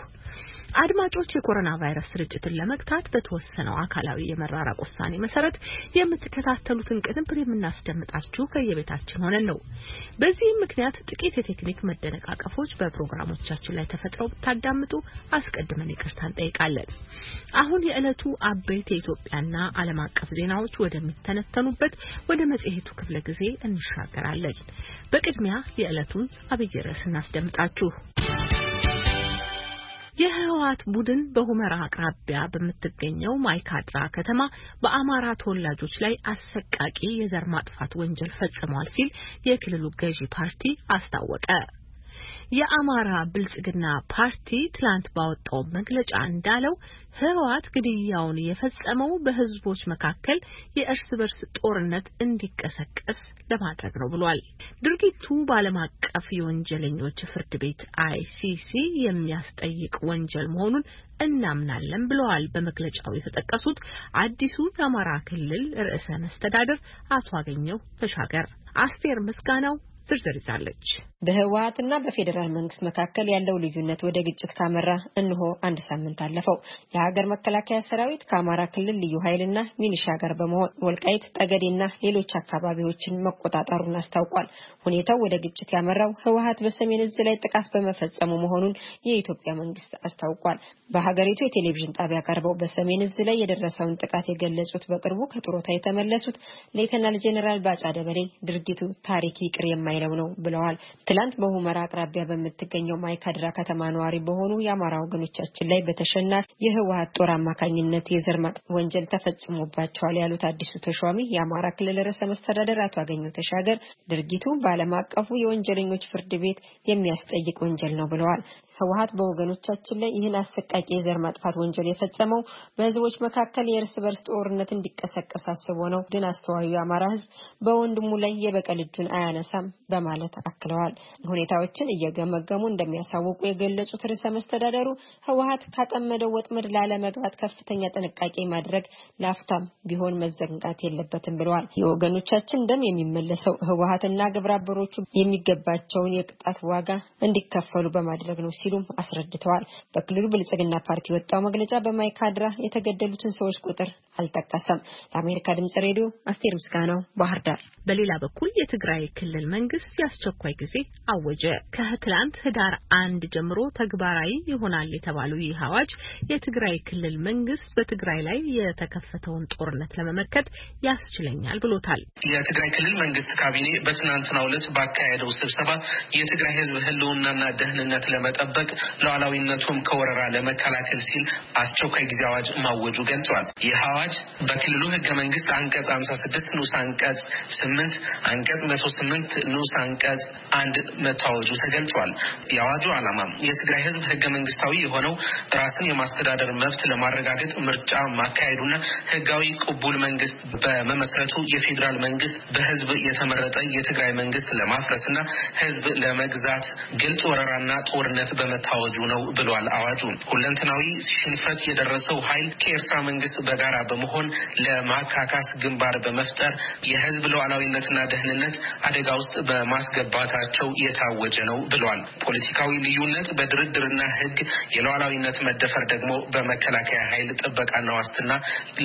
Speaker 1: አድማጮች የኮሮና ቫይረስ ስርጭትን ለመግታት በተወሰነው አካላዊ የመራራቅ ውሳኔ መሰረት የምትከታተሉትን ቅንብር የምናስደምጣችሁ ከየቤታችን ሆነን ነው። በዚህም ምክንያት ጥቂት የቴክኒክ መደነቃቀፎች በፕሮግራሞቻችን ላይ ተፈጥረው ብታዳምጡ አስቀድመን ይቅርታ እንጠይቃለን። አሁን የዕለቱ አበይት የኢትዮጵያና ዓለም አቀፍ ዜናዎች ወደሚተነተኑበት ወደ መጽሔቱ ክፍለ ጊዜ እንሻገራለን። በቅድሚያ የዕለቱን አብይ ርዕስ እናስደምጣችሁ። የህወሓት ቡድን በሁመራ አቅራቢያ በምትገኘው ማይካድራ ከተማ በአማራ ተወላጆች ላይ አሰቃቂ የዘር ማጥፋት ወንጀል ፈጽሟል ሲል የክልሉ ገዢ ፓርቲ አስታወቀ። የአማራ ብልጽግና ፓርቲ ትላንት ባወጣው መግለጫ እንዳለው ህወሓት ግድያውን የፈጸመው በህዝቦች መካከል የእርስ በርስ ጦርነት እንዲቀሰቀስ ለማድረግ ነው ብሏል። ድርጊቱ በዓለም አቀፍ የወንጀለኞች ፍርድ ቤት አይሲሲ የሚያስጠይቅ ወንጀል መሆኑን እናምናለን ብለዋል። በመግለጫው የተጠቀሱት አዲሱ የአማራ ክልል ርዕሰ መስተዳድር አቶ አገኘው ተሻገር። አስቴር ምስጋናው ዝርዝር ይዛለች።
Speaker 10: በህወሀትና በፌዴራል መንግስት መካከል ያለው ልዩነት ወደ ግጭት ካመራ እንሆ አንድ ሳምንት አለፈው። የሀገር መከላከያ ሰራዊት ከአማራ ክልል ልዩ ኃይልና ሚኒሻ ጋር በመሆን ወልቃይት ጠገዴና ሌሎች አካባቢዎችን መቆጣጠሩን አስታውቋል። ሁኔታው ወደ ግጭት ያመራው ህወሀት በሰሜን እዝ ላይ ጥቃት በመፈጸሙ መሆኑን የኢትዮጵያ መንግስት አስታውቋል። በሀገሪቱ የቴሌቪዥን ጣቢያ ቀርበው በሰሜን እዝ ላይ የደረሰውን ጥቃት የገለጹት በቅርቡ ከጥሮታ የተመለሱት ሌተናል ጄኔራል ባጫ ደበሌ ድርጊቱ ታሪክ ይቅር የማይ የማይለው ነው ብለዋል። ትላንት በሁመራ አቅራቢያ በምትገኘው ማይካድራ ከተማ ነዋሪ በሆኑ የአማራ ወገኖቻችን ላይ በተሸናፊ የህወሀት ጦር አማካኝነት የዘር ማጥፋት ወንጀል ተፈጽሞባቸዋል ያሉት አዲሱ ተሿሚ የአማራ ክልል ርዕሰ መስተዳደር አቶ አገኘሁ ተሻገር ድርጊቱ በዓለም አቀፉ የወንጀለኞች ፍርድ ቤት የሚያስጠይቅ ወንጀል ነው ብለዋል። ህወሀት በወገኖቻችን ላይ ይህን አሰቃቂ የዘር ማጥፋት ወንጀል የፈጸመው በህዝቦች መካከል የእርስ በርስ ጦርነት እንዲቀሰቀስ አስቦ ነው። ግን አስተዋዩ የአማራ ህዝብ በወንድሙ ላይ የበቀል እጁን አያነሳም በማለት አክለዋል። ሁኔታዎችን እየገመገሙ እንደሚያሳውቁ የገለጹት ርዕሰ መስተዳደሩ ህወሀት ካጠመደው ወጥመድ ላለመግባት ከፍተኛ ጥንቃቄ ማድረግ ላፍታም ቢሆን መዘንጋት የለበትም ብለዋል። የወገኖቻችን ደም የሚመለሰው ህወሀትና ግብረ የሚገባቸውን የቅጣት ዋጋ እንዲከፈሉ በማድረግ ነው ሲሉም አስረድተዋል። በክልሉ ብልጽግና ፓርቲ የወጣው መግለጫ በማይካድራ የተገደሉትን ሰዎች ቁጥር አልጠቀሰም። ለአሜሪካ ድምጽ ሬዲዮ አስቴር ምስጋናው ባህር ዳር። በሌላ በኩል የትግራይ ክልል መንግስት መንግስት የአስቸኳይ ጊዜ አወጀ።
Speaker 1: ከትላንት ህዳር አንድ ጀምሮ ተግባራዊ ይሆናል የተባለው ይህ አዋጅ የትግራይ ክልል መንግስት በትግራይ ላይ የተከፈተውን ጦርነት ለመመከት ያስችለኛል ብሎታል።
Speaker 11: የትግራይ ክልል መንግስት ካቢኔ በትናንትናው ዕለት ባካሄደው ስብሰባ የትግራይ ህዝብ ህልውናና ደህንነት ለመጠበቅ ሉዓላዊነቱም ከወረራ ለመከላከል ሲል አስቸኳይ ጊዜ አዋጅ ማወጁ ገልጿል። ይህ አዋጅ በክልሉ ህገ መንግስት አንቀጽ 56 ንዑስ አንቀጽ 8 አንቀጽ ስምንት ንዑስ ንዑስ አንቀጽ አንድ መታወጁ ተገልጿል። የአዋጁ ዓላማ የትግራይ ህዝብ ህገ መንግስታዊ የሆነው ራስን የማስተዳደር መብት ለማረጋገጥ ምርጫ ማካሄዱና ህጋዊ ቅቡል መንግስት በመመስረቱ የፌዴራል መንግስት በህዝብ የተመረጠ የትግራይ መንግስት ለማፍረስና ህዝብ ለመግዛት ግልጽ ወረራና ጦርነት በመታወጁ ነው ብሏል። አዋጁ ሁለንተናዊ ሽንፈት የደረሰው ኃይል ከኤርትራ መንግስት በጋራ በመሆን ለማካካስ ግንባር በመፍጠር የህዝብ ሉዓላዊነትና ደህንነት አደጋ ውስጥ በ በማስገባታቸው የታወጀ ነው ብሏል። ፖለቲካዊ ልዩነት በድርድርና ህግ የሉዓላዊነት መደፈር ደግሞ በመከላከያ ኃይል ጥበቃና ዋስትና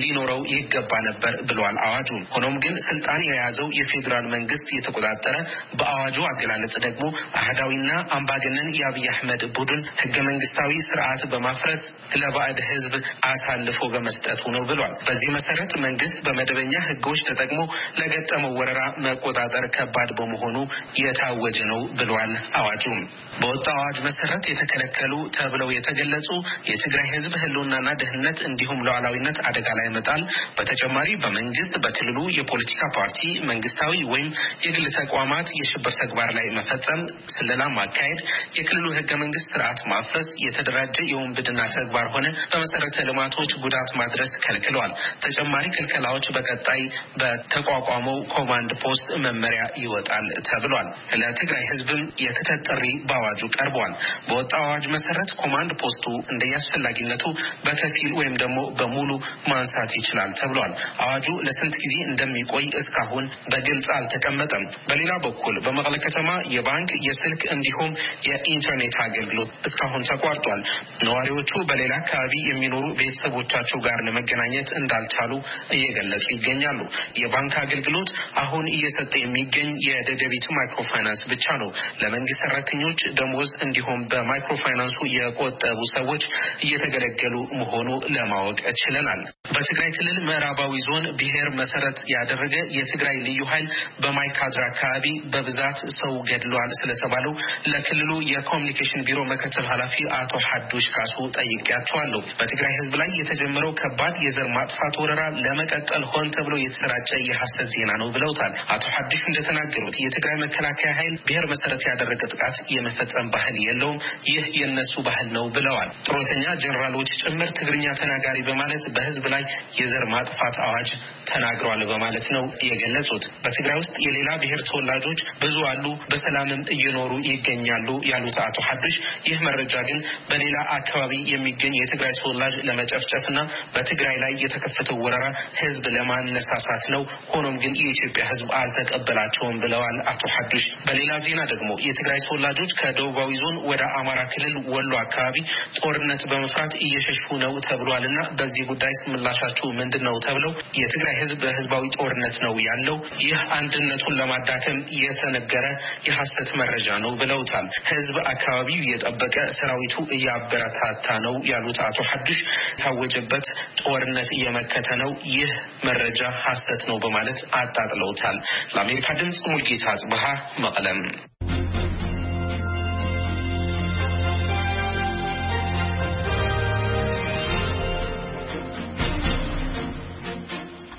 Speaker 11: ሊኖረው ይገባ ነበር ብሏል አዋጁ። ሆኖም ግን ስልጣን የያዘው የፌዴራል መንግስት የተቆጣጠረ በአዋጁ አገላለጽ ደግሞ አህዳዊና አምባገነን የአብይ አህመድ ቡድን ህገ መንግስታዊ ስርዓት በማፍረስ ለባዕድ ህዝብ አሳልፎ በመስጠቱ ነው ብሏል። በዚህ መሰረት መንግስት በመደበኛ ህጎች ተጠቅሞ ለገጠመው ወረራ መቆጣጠር ከባድ በመሆኑ የታወጀ ነው ብሏል አዋጁም። በወጣው አዋጅ መሰረት የተከለከሉ ተብለው የተገለጹ የትግራይ ህዝብ ህልውናና ደህንነት እንዲሁም ሉዓላዊነት አደጋ ላይ መጣል፣ በተጨማሪ በመንግስት በክልሉ የፖለቲካ ፓርቲ መንግስታዊ ወይም የግል ተቋማት የሽብር ተግባር ላይ መፈጸም፣ ስለላ ማካሄድ፣ የክልሉ ህገ መንግስት ስርዓት ማፍረስ፣ የተደራጀ የወንብድና ተግባር ሆነ በመሰረተ ልማቶች ጉዳት ማድረስ ከልክለዋል። ተጨማሪ ክልከላዎች በቀጣይ በተቋቋመው ኮማንድ ፖስት መመሪያ ይወጣል ተብሏል። ለትግራይ ህዝብም የክተት ጥሪ አዋጁ ቀርቧል። በወጣው አዋጅ መሰረት ኮማንድ ፖስቱ እንደየአስፈላጊነቱ በከፊል ወይም ደግሞ በሙሉ ማንሳት ይችላል ተብሏል። አዋጁ ለስንት ጊዜ እንደሚቆይ እስካሁን በግልጽ አልተቀመጠም። በሌላ በኩል በመቀለ ከተማ የባንክ የስልክ እንዲሁም የኢንተርኔት አገልግሎት እስካሁን ተቋርጧል። ነዋሪዎቹ በሌላ አካባቢ የሚኖሩ ቤተሰቦቻቸው ጋር ለመገናኘት እንዳልቻሉ እየገለጹ ይገኛሉ። የባንክ አገልግሎት አሁን እየሰጠ የሚገኝ የደደቢት ማይክሮፋይናንስ ብቻ ነው። ለመንግስት ሰራተኞች ደሞዝ እንዲሁም በማይክሮፋይናንሱ የቆጠቡ ሰዎች እየተገለገሉ መሆኑ ለማወቅ ችለናል። በትግራይ ክልል ምዕራባዊ ዞን ብሔር መሰረት ያደረገ የትግራይ ልዩ ኃይል በማይካድራ አካባቢ በብዛት ሰው ገድሏል ስለተባለው ለክልሉ የኮሚኒኬሽን ቢሮ ምክትል ኃላፊ አቶ ሀዱሽ ካሱ ጠይቄያቸዋለሁ። በትግራይ ህዝብ ላይ የተጀመረው ከባድ የዘር ማጥፋት ወረራ ለመቀጠል ሆን ተብሎ የተሰራጨ የሐሰት ዜና ነው ብለውታል። አቶ ሀዱሽ እንደተናገሩት የትግራይ መከላከያ ኃይል ብሔር መሰረት ያደረገ ጥቃት የመፈ የመፈጸም ባህል የለውም። ይህ የነሱ ባህል ነው ብለዋል። ጡረተኛ ጀኔራሎች ጭምር ትግርኛ ተናጋሪ በማለት በህዝብ ላይ የዘር ማጥፋት አዋጅ ተናግሯል በማለት ነው የገለጹት። በትግራይ ውስጥ የሌላ ብሔር ተወላጆች ብዙ አሉ፣ በሰላምም እየኖሩ ይገኛሉ ያሉት አቶ ሀዱሽ ይህ መረጃ ግን በሌላ አካባቢ የሚገኝ የትግራይ ተወላጅ ለመጨፍጨፍና በትግራይ ላይ የተከፈተው ወረራ ህዝብ ለማነሳሳት ነው። ሆኖም ግን የኢትዮጵያ ህዝብ አልተቀበላቸውም ብለዋል አቶ ሀዱሽ። በሌላ ዜና ደግሞ የትግራይ ተወላጆች ከ ከደቡባዊ ዞን ወደ አማራ ክልል ወሎ አካባቢ ጦርነት በመፍራት እየሸሹ ነው ተብሏል እና በዚህ ጉዳይ ምላሻችሁ ምንድን ነው ተብለው የትግራይ ህዝብ በህዝባዊ ጦርነት ነው ያለው፣ ይህ አንድነቱን ለማዳከም የተነገረ የሀሰት መረጃ ነው ብለውታል። ህዝብ አካባቢው እየጠበቀ ሰራዊቱ እያበረታታ ነው ያሉት አቶ ሀዱሽ የታወጀበት ጦርነት እየመከተ ነው፣ ይህ መረጃ ሀሰት ነው በማለት አጣጥለውታል። ለአሜሪካ ድምፅ ሙልጌታ ጽብሃ መቀለም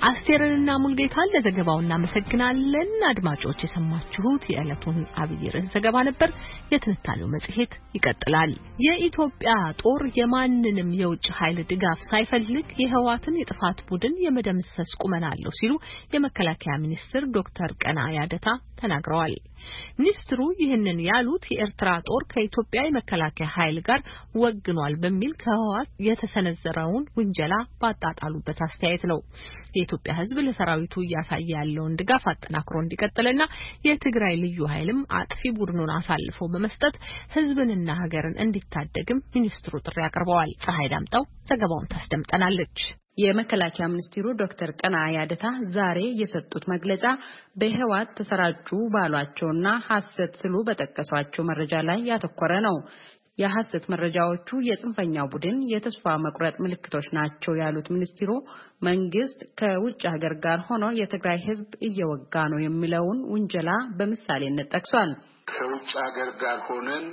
Speaker 1: አስቴርንና ሙልጌታን ለዘገባው እናመሰግናለን። አድማጮች የሰማችሁት የዕለቱን አብይ ርዕስ ዘገባ ነበር። የትንታኔው መጽሔት ይቀጥላል። የኢትዮጵያ ጦር የማንንም የውጭ ኃይል ድጋፍ ሳይፈልግ የህወሓትን የጥፋት ቡድን የመደምሰስ ቁመና አለው ሲሉ የመከላከያ ሚኒስትር ዶክተር ቀና ያደታ ተናግረዋል። ሚኒስትሩ ይህንን ያሉት የኤርትራ ጦር ከኢትዮጵያ የመከላከያ ኃይል ጋር ወግኗል በሚል ከህወሓት የተሰነዘረውን ውንጀላ ባጣጣሉበት አስተያየት ነው። የኢትዮጵያ ሕዝብ ለሰራዊቱ እያሳየ ያለውን ድጋፍ አጠናክሮ እንዲቀጥልና የትግራይ ልዩ ኃይልም አጥፊ ቡድኑን አሳልፎ በመስጠት ሕዝብንና ሀገርን እንዲታደግም ሚኒስትሩ ጥሪ አቅርበዋል። ፀሐይ ዳምጠው ዘገባውን
Speaker 12: ታስደምጠናለች። የመከላከያ ሚኒስትሩ ዶክተር ቀና ያደታ ዛሬ የሰጡት መግለጫ በህዋት ተሰራጩ ባሏቸውና ሐሰት ስሉ በጠቀሷቸው መረጃ ላይ ያተኮረ ነው። የሐሰት መረጃዎቹ የጽንፈኛው ቡድን የተስፋ መቁረጥ ምልክቶች ናቸው ያሉት ሚኒስትሩ መንግስት ከውጭ ሀገር ጋር ሆኖ የትግራይ ህዝብ እየወጋ ነው የሚለውን ውንጀላ በምሳሌነት ጠቅሷል።
Speaker 2: ከውጭ ሀገር ጋር ሆነን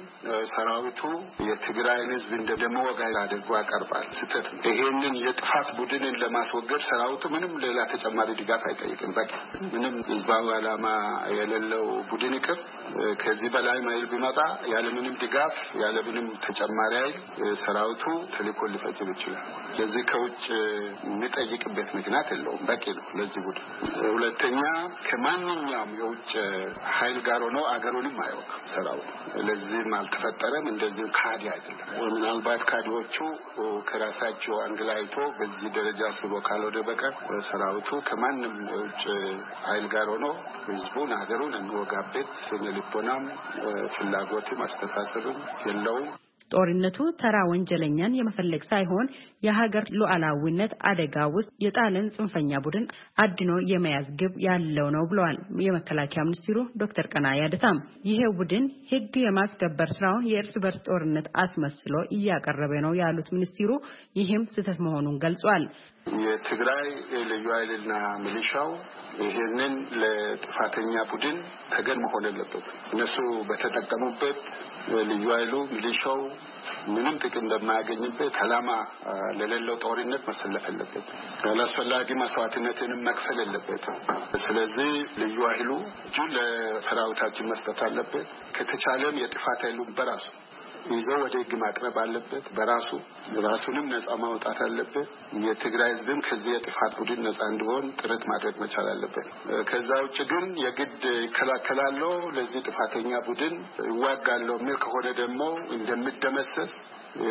Speaker 2: ሰራዊቱ የትግራይን ህዝብ እንደ ደሞ አድርጎ ያቀርባል። ስህተት ነው። ይሄንን የጥፋት ቡድንን ለማስወገድ ሰራዊቱ ምንም ሌላ ተጨማሪ ድጋፍ አይጠይቅም። በቂ ምንም ህዝባዊ ዓላማ የሌለው ቡድን ይቅር፣ ከዚህ በላይ ማይል ቢመጣ ያለምንም ድጋፍ ያለምንም ተጨማሪ ኃይል ሰራዊቱ ተልእኮ ሊፈጽም ይችላል። ስለዚህ ከውጭ የሚጠይቅበት ምክንያት የለውም። በቂ ነው ለዚህ ቡድን። ሁለተኛ ከማንኛውም የውጭ ኃይል ጋር ሆነው አገሩንም አያውቅም ሰራዊት። ለዚህም አልተፈጠረም፣ እንደዚህ ካድ አይደለም። ምናልባት ካድዎቹ ከራሳቸው አንግል አይቶ በዚህ ደረጃ አስቦ ካልሆነ በቀር ሰራዊቱ ከማንም ውጭ ኃይል ጋር ሆኖ ህዝቡን፣ ሀገሩን የሚወጋበት ስነ ልቦናም ፍላጎትም አስተሳሰብም የለውም።
Speaker 12: ጦርነቱ ተራ ወንጀለኛን የመፈለግ ሳይሆን የሀገር ሉዓላዊነት አደጋ ውስጥ የጣለን ጽንፈኛ ቡድን አድኖ የመያዝ ግብ ያለው ነው ብለዋል የመከላከያ ሚኒስትሩ ዶክተር ቀና ያደታም። ይሄ ቡድን ህግ የማስከበር ስራውን የእርስ በርስ ጦርነት አስመስሎ እያቀረበ ነው ያሉት ሚኒስትሩ ይህም ስህተት መሆኑን ገልጿል።
Speaker 2: የትግራይ ልዩ ኃይልና ሚሊሻው ይህንን ለጥፋተኛ ቡድን ተገን መሆን አለበት። እነሱ በተጠቀሙበት ልዩ ኃይሉ ሚሊሻው ምንም ጥቅም እንደማያገኝበት አላማ ለሌለው ጦርነት መሰለፍ አለበት። ያላስፈላጊ መስዋዕትነትንም መክፈል አለበት። ስለዚህ ልዩ ኃይሉ እጁ ለሰራዊታችን መስጠት አለበት። ከተቻለም የጥፋት ኃይሉን በራሱ ይዘው ወደ ህግ ማቅረብ አለበት። በራሱ ራሱንም ነጻ ማውጣት አለበት። የትግራይ ህዝብም ከዚህ የጥፋት ቡድን ነጻ እንዲሆን ጥረት ማድረግ መቻል አለበት። ከዛ ውጭ ግን የግድ ይከላከላለሁ፣ ለዚህ ጥፋተኛ ቡድን ይዋጋለሁ የሚል ከሆነ ደግሞ እንደምደመሰስ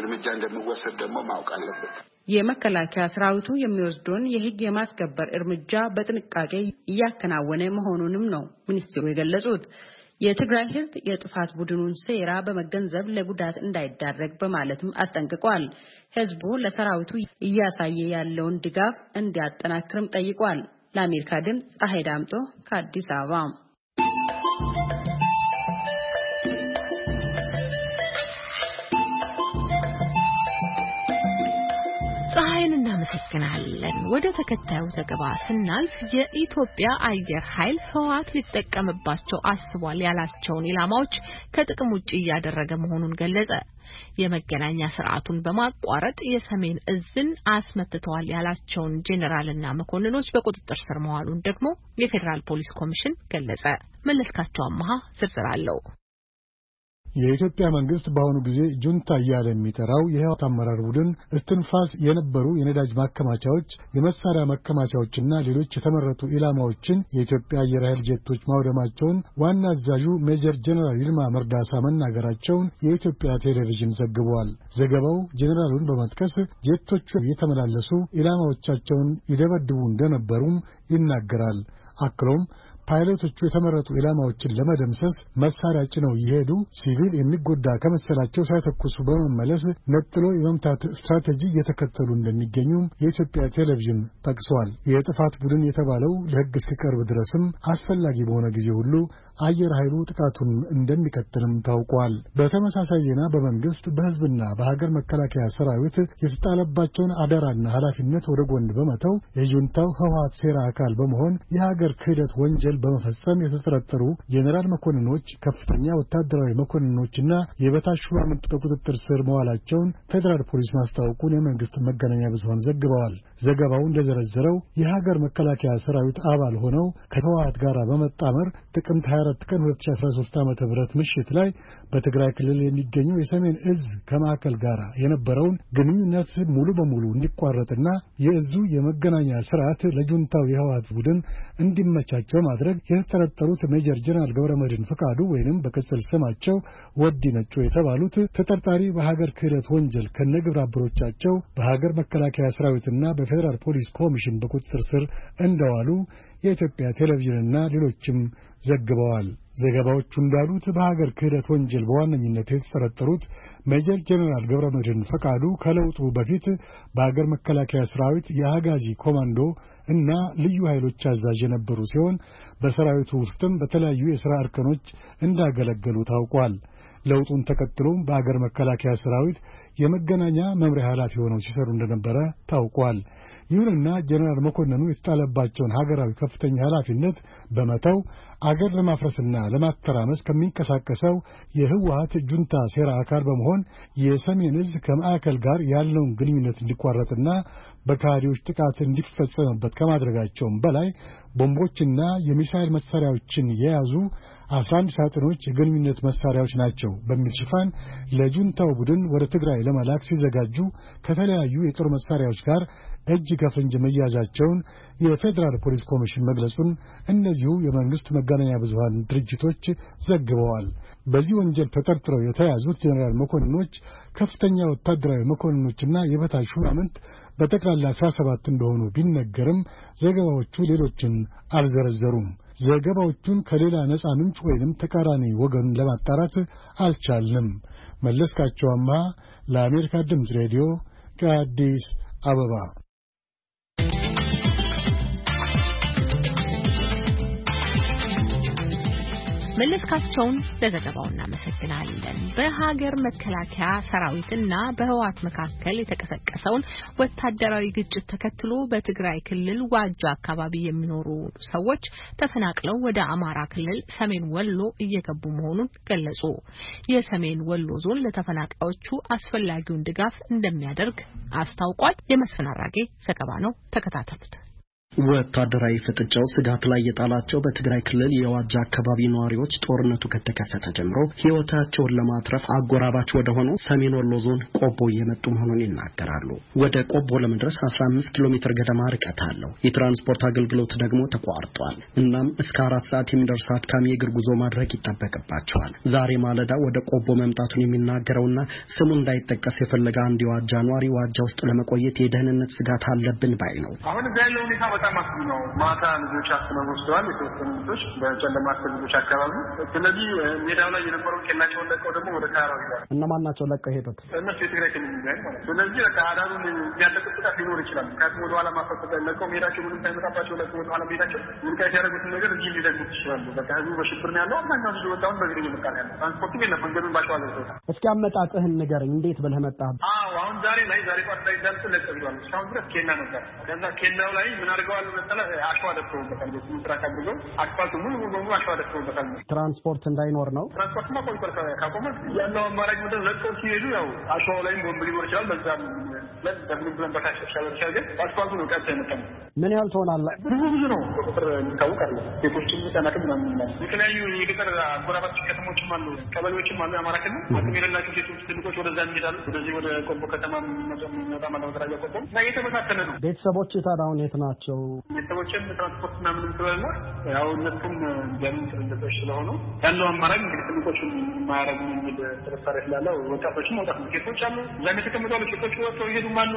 Speaker 2: እርምጃ እንደምወሰድ ደግሞ ማወቅ አለበት።
Speaker 12: የመከላከያ ሰራዊቱ የሚወስደውን የህግ የማስከበር እርምጃ በጥንቃቄ እያከናወነ መሆኑንም ነው ሚኒስትሩ የገለጹት። የትግራይ ሕዝብ የጥፋት ቡድኑን ሴራ በመገንዘብ ለጉዳት እንዳይዳረግ በማለትም አስጠንቅቋል። ሕዝቡ ለሰራዊቱ እያሳየ ያለውን ድጋፍ እንዲያጠናክርም ጠይቋል። ለአሜሪካ ድምፅ ፀሐይ ዳምጦ ከአዲስ አበባ
Speaker 1: እናመሰግናለን። ወደ ተከታዩ ዘገባ ስናልፍ የኢትዮጵያ አየር ኃይል ህወሓት ሊጠቀምባቸው አስቧል ያላቸውን ኢላማዎች ከጥቅም ውጭ እያደረገ መሆኑን ገለጸ። የመገናኛ ስርዓቱን በማቋረጥ የሰሜን እዝን አስመትተዋል ያላቸውን ጄኔራልና መኮንኖች በቁጥጥር ስር መዋሉን ደግሞ የፌዴራል ፖሊስ ኮሚሽን ገለጸ። መለስካቸው አመሃ ዝርዝር አለው።
Speaker 13: የኢትዮጵያ መንግስት በአሁኑ ጊዜ ጁንታ እያለ የሚጠራው የህወሓት አመራር ቡድን እስትንፋስ የነበሩ የነዳጅ ማከማቻዎች፣ የመሳሪያ ማከማቻዎችና ሌሎች የተመረጡ ኢላማዎችን የኢትዮጵያ አየር ኃይል ጄቶች ማውደማቸውን ዋና አዛዡ ሜጀር ጀኔራል ይልማ መርዳሳ መናገራቸውን የኢትዮጵያ ቴሌቪዥን ዘግቧል። ዘገባው ጄኔራሉን በመጥቀስ ጄቶቹ እየተመላለሱ ኢላማዎቻቸውን ይደበድቡ እንደነበሩም ይናገራል። አክሎም ፓይለቶቹ የተመረጡ ኢላማዎችን ለመደምሰስ መሳሪያ ጭነው ይሄዱ ሲቪል የሚጎዳ ከመሰላቸው ሳይተኩሱ በመመለስ ነጥሎ የመምታት ስትራቴጂ እየተከተሉ እንደሚገኙም የኢትዮጵያ ቴሌቪዥን ጠቅሷል። የጥፋት ቡድን የተባለው ለሕግ እስኪቀርብ ድረስም አስፈላጊ በሆነ ጊዜ ሁሉ አየር ኃይሉ ጥቃቱን እንደሚቀጥልም ታውቋል። በተመሳሳይ ዜና በመንግስት በህዝብና በሀገር መከላከያ ሰራዊት የተጣለባቸውን አደራና ኃላፊነት ወደ ጎን በመተው የጁንታው ህወሀት ሴራ አካል በመሆን የሀገር ክህደት ወንጀል በመፈጸም የተጠረጠሩ ጄኔራል መኮንኖች፣ ከፍተኛ ወታደራዊ መኮንኖችና የበታች ሹማምንት በቁጥጥር ስር መዋላቸውን ፌዴራል ፖሊስ ማስታወቁን የመንግስት መገናኛ ብዙሀን ዘግበዋል። ዘገባው እንደዘረዘረው የሀገር መከላከያ ሰራዊት አባል ሆነው ከህወሓት ጋር በመጣመር ጥቅምት 24 ቀን 2013 ዓ.ም ምሽት ላይ በትግራይ ክልል የሚገኙ የሰሜን እዝ ከማዕከል ጋር የነበረውን ግንኙነት ሙሉ በሙሉ እንዲቋረጥና የእዙ የመገናኛ ስርዓት ለጁንታው የህወሓት ቡድን እንዲመቻቸው ማድረግ የተጠረጠሩት ሜጀር ጀነራል ገብረመድህን ፍቃዱ ወይንም በቅጽል ስማቸው ወዲ ነጩ የተባሉት ተጠርጣሪ በሀገር ክህደት ወንጀል ከነግብረ አበሮቻቸው በሀገር መከላከያ ሰራዊትና በፌዴራል ፖሊስ ኮሚሽን በቁጥጥር ስር እንደዋሉ የኢትዮጵያ ቴሌቪዥንና ሌሎችም ዘግበዋል። ዘገባዎቹ እንዳሉት በሀገር ክህደት ወንጀል በዋነኝነት የተጠረጠሩት ሜጀር ጀኔራል ገብረ መድን ፈቃዱ ከለውጡ በፊት በሀገር መከላከያ ሰራዊት የአጋዚ ኮማንዶ እና ልዩ ኃይሎች አዛዥ የነበሩ ሲሆን በሰራዊቱ ውስጥም በተለያዩ የሥራ እርከኖች እንዳገለገሉ ታውቋል። ለውጡን ተከትሎም በአገር መከላከያ ሰራዊት የመገናኛ መምሪያ ኃላፊ ሆነው ሲሰሩ እንደነበረ ታውቋል። ይሁንና ጀኔራል መኮንኑ የተጣለባቸውን ሀገራዊ ከፍተኛ ኃላፊነት በመተው አገር ለማፍረስና ለማተራመስ ከሚንቀሳቀሰው የህወሀት ጁንታ ሴራ አካል በመሆን የሰሜን እዝ ከማዕከል ጋር ያለውን ግንኙነት እንዲቋረጥና በካህዲዎች ጥቃት እንዲፈጸምበት ከማድረጋቸውም በላይ ቦምቦችና የሚሳይል መሳሪያዎችን የያዙ 11 ሳጥኖች የግንኙነት መሳሪያዎች ናቸው በሚል ሽፋን ለጁንታው ቡድን ወደ ትግራይ ለመላክ ሲዘጋጁ ከተለያዩ የጦር መሳሪያዎች ጋር እጅ ከፍንጅ መያዛቸውን የፌዴራል ፖሊስ ኮሚሽን መግለጹን እነዚሁ የመንግሥት መገናኛ ብዙሃን ድርጅቶች ዘግበዋል። በዚህ ወንጀል ተጠርጥረው የተያዙት ጄኔራል መኮንኖች፣ ከፍተኛ ወታደራዊ መኮንኖችና የበታች ሹማምንት በጠቅላላ ሰባት እንደሆኑ ቢነገርም ዘገባዎቹ ሌሎችን አልዘረዘሩም። ዘገባዎቹን ከሌላ ነፃ ምንጭ ወይንም ተቃራኒ ወገን ለማጣራት አልቻልንም። መለስካቸዋማ ለአሜሪካ ድምፅ ሬዲዮ ከአዲስ አበባ
Speaker 1: መለስካቸውን ለዘገባው እናመሰግናለን። በሀገር መከላከያ ሰራዊትና በህወሓት መካከል የተቀሰቀሰውን ወታደራዊ ግጭት ተከትሎ በትግራይ ክልል ዋጆ አካባቢ የሚኖሩ ሰዎች ተፈናቅለው ወደ አማራ ክልል ሰሜን ወሎ እየገቡ መሆኑን ገለጹ። የሰሜን ወሎ ዞን ለተፈናቃዮቹ አስፈላጊውን ድጋፍ እንደሚያደርግ አስታውቋል። የመስፍን አራጌ ዘገባ ነው። ተከታተሉት።
Speaker 3: ወታደራዊ ፍጥጫው ስጋት ላይ የጣላቸው በትግራይ ክልል የዋጃ አካባቢ ነዋሪዎች ጦርነቱ ከተከሰተ ጀምሮ ሕይወታቸውን ለማትረፍ አጎራባች ወደ ሆነው ሰሜን ወሎ ዞን ቆቦ እየመጡ መሆኑን ይናገራሉ። ወደ ቆቦ ለመድረስ 15 ኪሎ ሜትር ገደማ ርቀት አለው። የትራንስፖርት አገልግሎት ደግሞ ተቋርጧል። እናም እስከ አራት ሰዓት የሚደርስ አድካሚ የእግር ጉዞ ማድረግ ይጠበቅባቸዋል። ዛሬ ማለዳ ወደ ቆቦ መምጣቱን የሚናገረውና ስሙ እንዳይጠቀስ የፈለገ አንድ የዋጃ ነዋሪ ዋጃ ውስጥ ለመቆየት የደህንነት ስጋት አለብን ባይ ነው።
Speaker 14: በጣም አስጊ ነው። ማታ ልጆች አፍነው ወስደዋል። የተወሰኑ ልጆች በጨለማ ልጆች አካባቢ። ስለዚህ ሜዳው ላይ የነበረው ኬላቸውን ለቀው ደግሞ ወደ ተራራ ይላል።
Speaker 3: እነማን ናቸው ለቀው ሄዱት?
Speaker 14: እነሱ የትግራይ ክልል ሚዛይ ማለት ስለዚህ በቃ አዳሩን የሚያለቅ ጥቃት ሊኖር ይችላል። ምክንያቱም ወደ ኋላ ማፈጠጠ ለቀው ሜዳቸው ምንም ሳይመጣባቸው ለቀው ወደ ኋላ ሜዳቸው ምንቃት ያደረጉትን ነገር እዚህ ሊደግሙት ይችላሉ። በቃ ህዝቡ በሽብር ነው ያለው። አብዛኛው ልጅ ወጣሁን በእግር እየመጣ ያለ ትራንስፖርትም የለም። መንገዱን ባሸዋለ
Speaker 3: ይሰጣል። እስኪ አመጣጥህን ንገረኝ። እንዴት ብለህ መጣ?
Speaker 14: አዎ አሁን ዛሬ ላይ ዛሬ ቋት ላይ ዳልጥ ለቀ ብሏል። እስካሁን ድረስ ኬላ ነበር። ከዛ ኬላው ላይ ምን አድርገው አሸዋለሁ መሰለህ አሸዋ ደፍተውበታል። ቤት ምስራቅ አድርገው አስፋልቱ ሙሉ በሙሉ አሸዋ ደፍተውበታል።
Speaker 6: ትራንስፖርት እንዳይኖር ነው።
Speaker 14: ትራንስፖርትማ ኮንኮል ካቆመ ያለው አማራጭ ሲሄዱ ያው አሸዋው ላይም ቦምብ ሊኖር ይችላል። በዛም ለምን ብለን አስፋልቱ ነው ቀጥ አይመጣም።
Speaker 6: ምን ያህል ትሆናለ? ብዙ ብዙ ነው ቁጥር የሚታወቅ አለ። ሴቶችም
Speaker 14: ህጻናትም ምናምን የተለያዩ የገጠር አጎራባች ከተሞችም አሉ፣ ቀበሌዎችም አሉ። የአማራ ክልል አቅም የሌላቸው ሴቶች ትልቆች ወደዛ የሚሄዳሉ። ወደዚህ ወደ ቆቦ ከተማ የሚመጣ ማለመደራጃ ቆቦ እና እየተመሳተለ ነው።
Speaker 3: ቤተሰቦች ታዲያ አሁን የት ናቸው?
Speaker 14: ቤተሰቦችን ትራንስፖርትና ምንም ስለሆነ ያው እነሱም እንዲያምን ትልልቆች ስለሆኑ ያለው አማራጭ እንግዲህ ትልቆችን ማያደረግ የሚል ጥርጣሬ ስላለው ወጣቶችም መውጣት ኬቶች አሉ። እዛ የተቀምጠሉ ኬቶች ወጥተው ይሄዱም አሉ።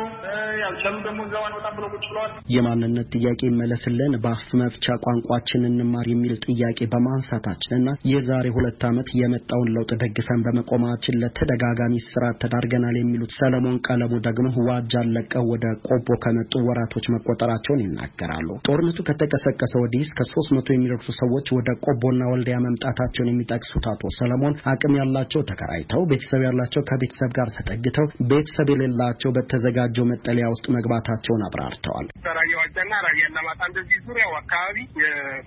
Speaker 14: ያልቻሉ ደግሞ እዛው አንወጣም ብለው
Speaker 3: ቁጭ ብለዋል። የማንነት ጥያቄ ይመለስልን በአፍ መፍቻ ቋንቋችን እንማር የሚል ጥያቄ በማንሳታችን እና የዛሬ ሁለት ዓመት የመጣውን ለውጥ ደግፈን በመቆማችን ለተደጋጋሚ ስራ ተዳርገናል የሚሉት ሰለሞን ቀለሙ ደግሞ ዋጃን ለቀው ወደ ቆቦ ከመጡ ወራቶች መቆጠራቸውን ይናገራል። ይናገራሉ። ጦርነቱ ከተቀሰቀሰ ወዲህ እስከ ሶስት መቶ የሚደርሱ ሰዎች ወደ ቆቦና ወልዲያ መምጣታቸውን የሚጠቅሱት አቶ ሰለሞን አቅም ያላቸው ተከራይተው፣ ቤተሰብ ያላቸው ከቤተሰብ ጋር ተጠግተው፣ ቤተሰብ የሌላቸው በተዘጋጀው መጠለያ ውስጥ መግባታቸውን አብራርተዋል።
Speaker 14: ራያ ዋጃና ራያ አላማጣ እንደዚህ ዙሪያው አካባቢ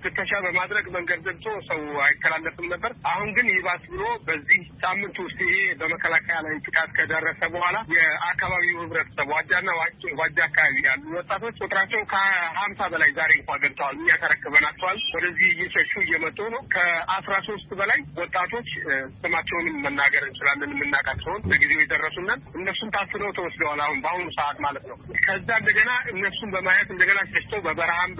Speaker 14: ፍተሻ በማድረግ መንገድ ዘግቶ ሰው አይተላለፍም ነበር። አሁን ግን ይባስ ብሎ በዚህ ሳምንት ውስጥ ይሄ በመከላከያ ላይ ጥቃት ከደረሰ በኋላ የአካባቢው ህብረተሰብ ዋጃና ዋጃ አካባቢ ያሉ ወጣቶች ቁጥራቸው ከሀምሳ በላይ ዛሬ እንኳ ገብተዋል። እኛ ተረክበናቸዋል። ወደዚህ እየሸሹ እየመጡ ነው። ከአስራ ሶስት በላይ ወጣቶች ስማቸውንም መናገር እንችላለን የምናውቃቸውን በጊዜው የደረሱነን እነሱም ታፍነው ተወስደዋል። አሁን በአሁኑ ሰዓት ማለት ነው። ከዛ እንደገና እነሱን በማየት እንደገና ሸሽተው በበረሃም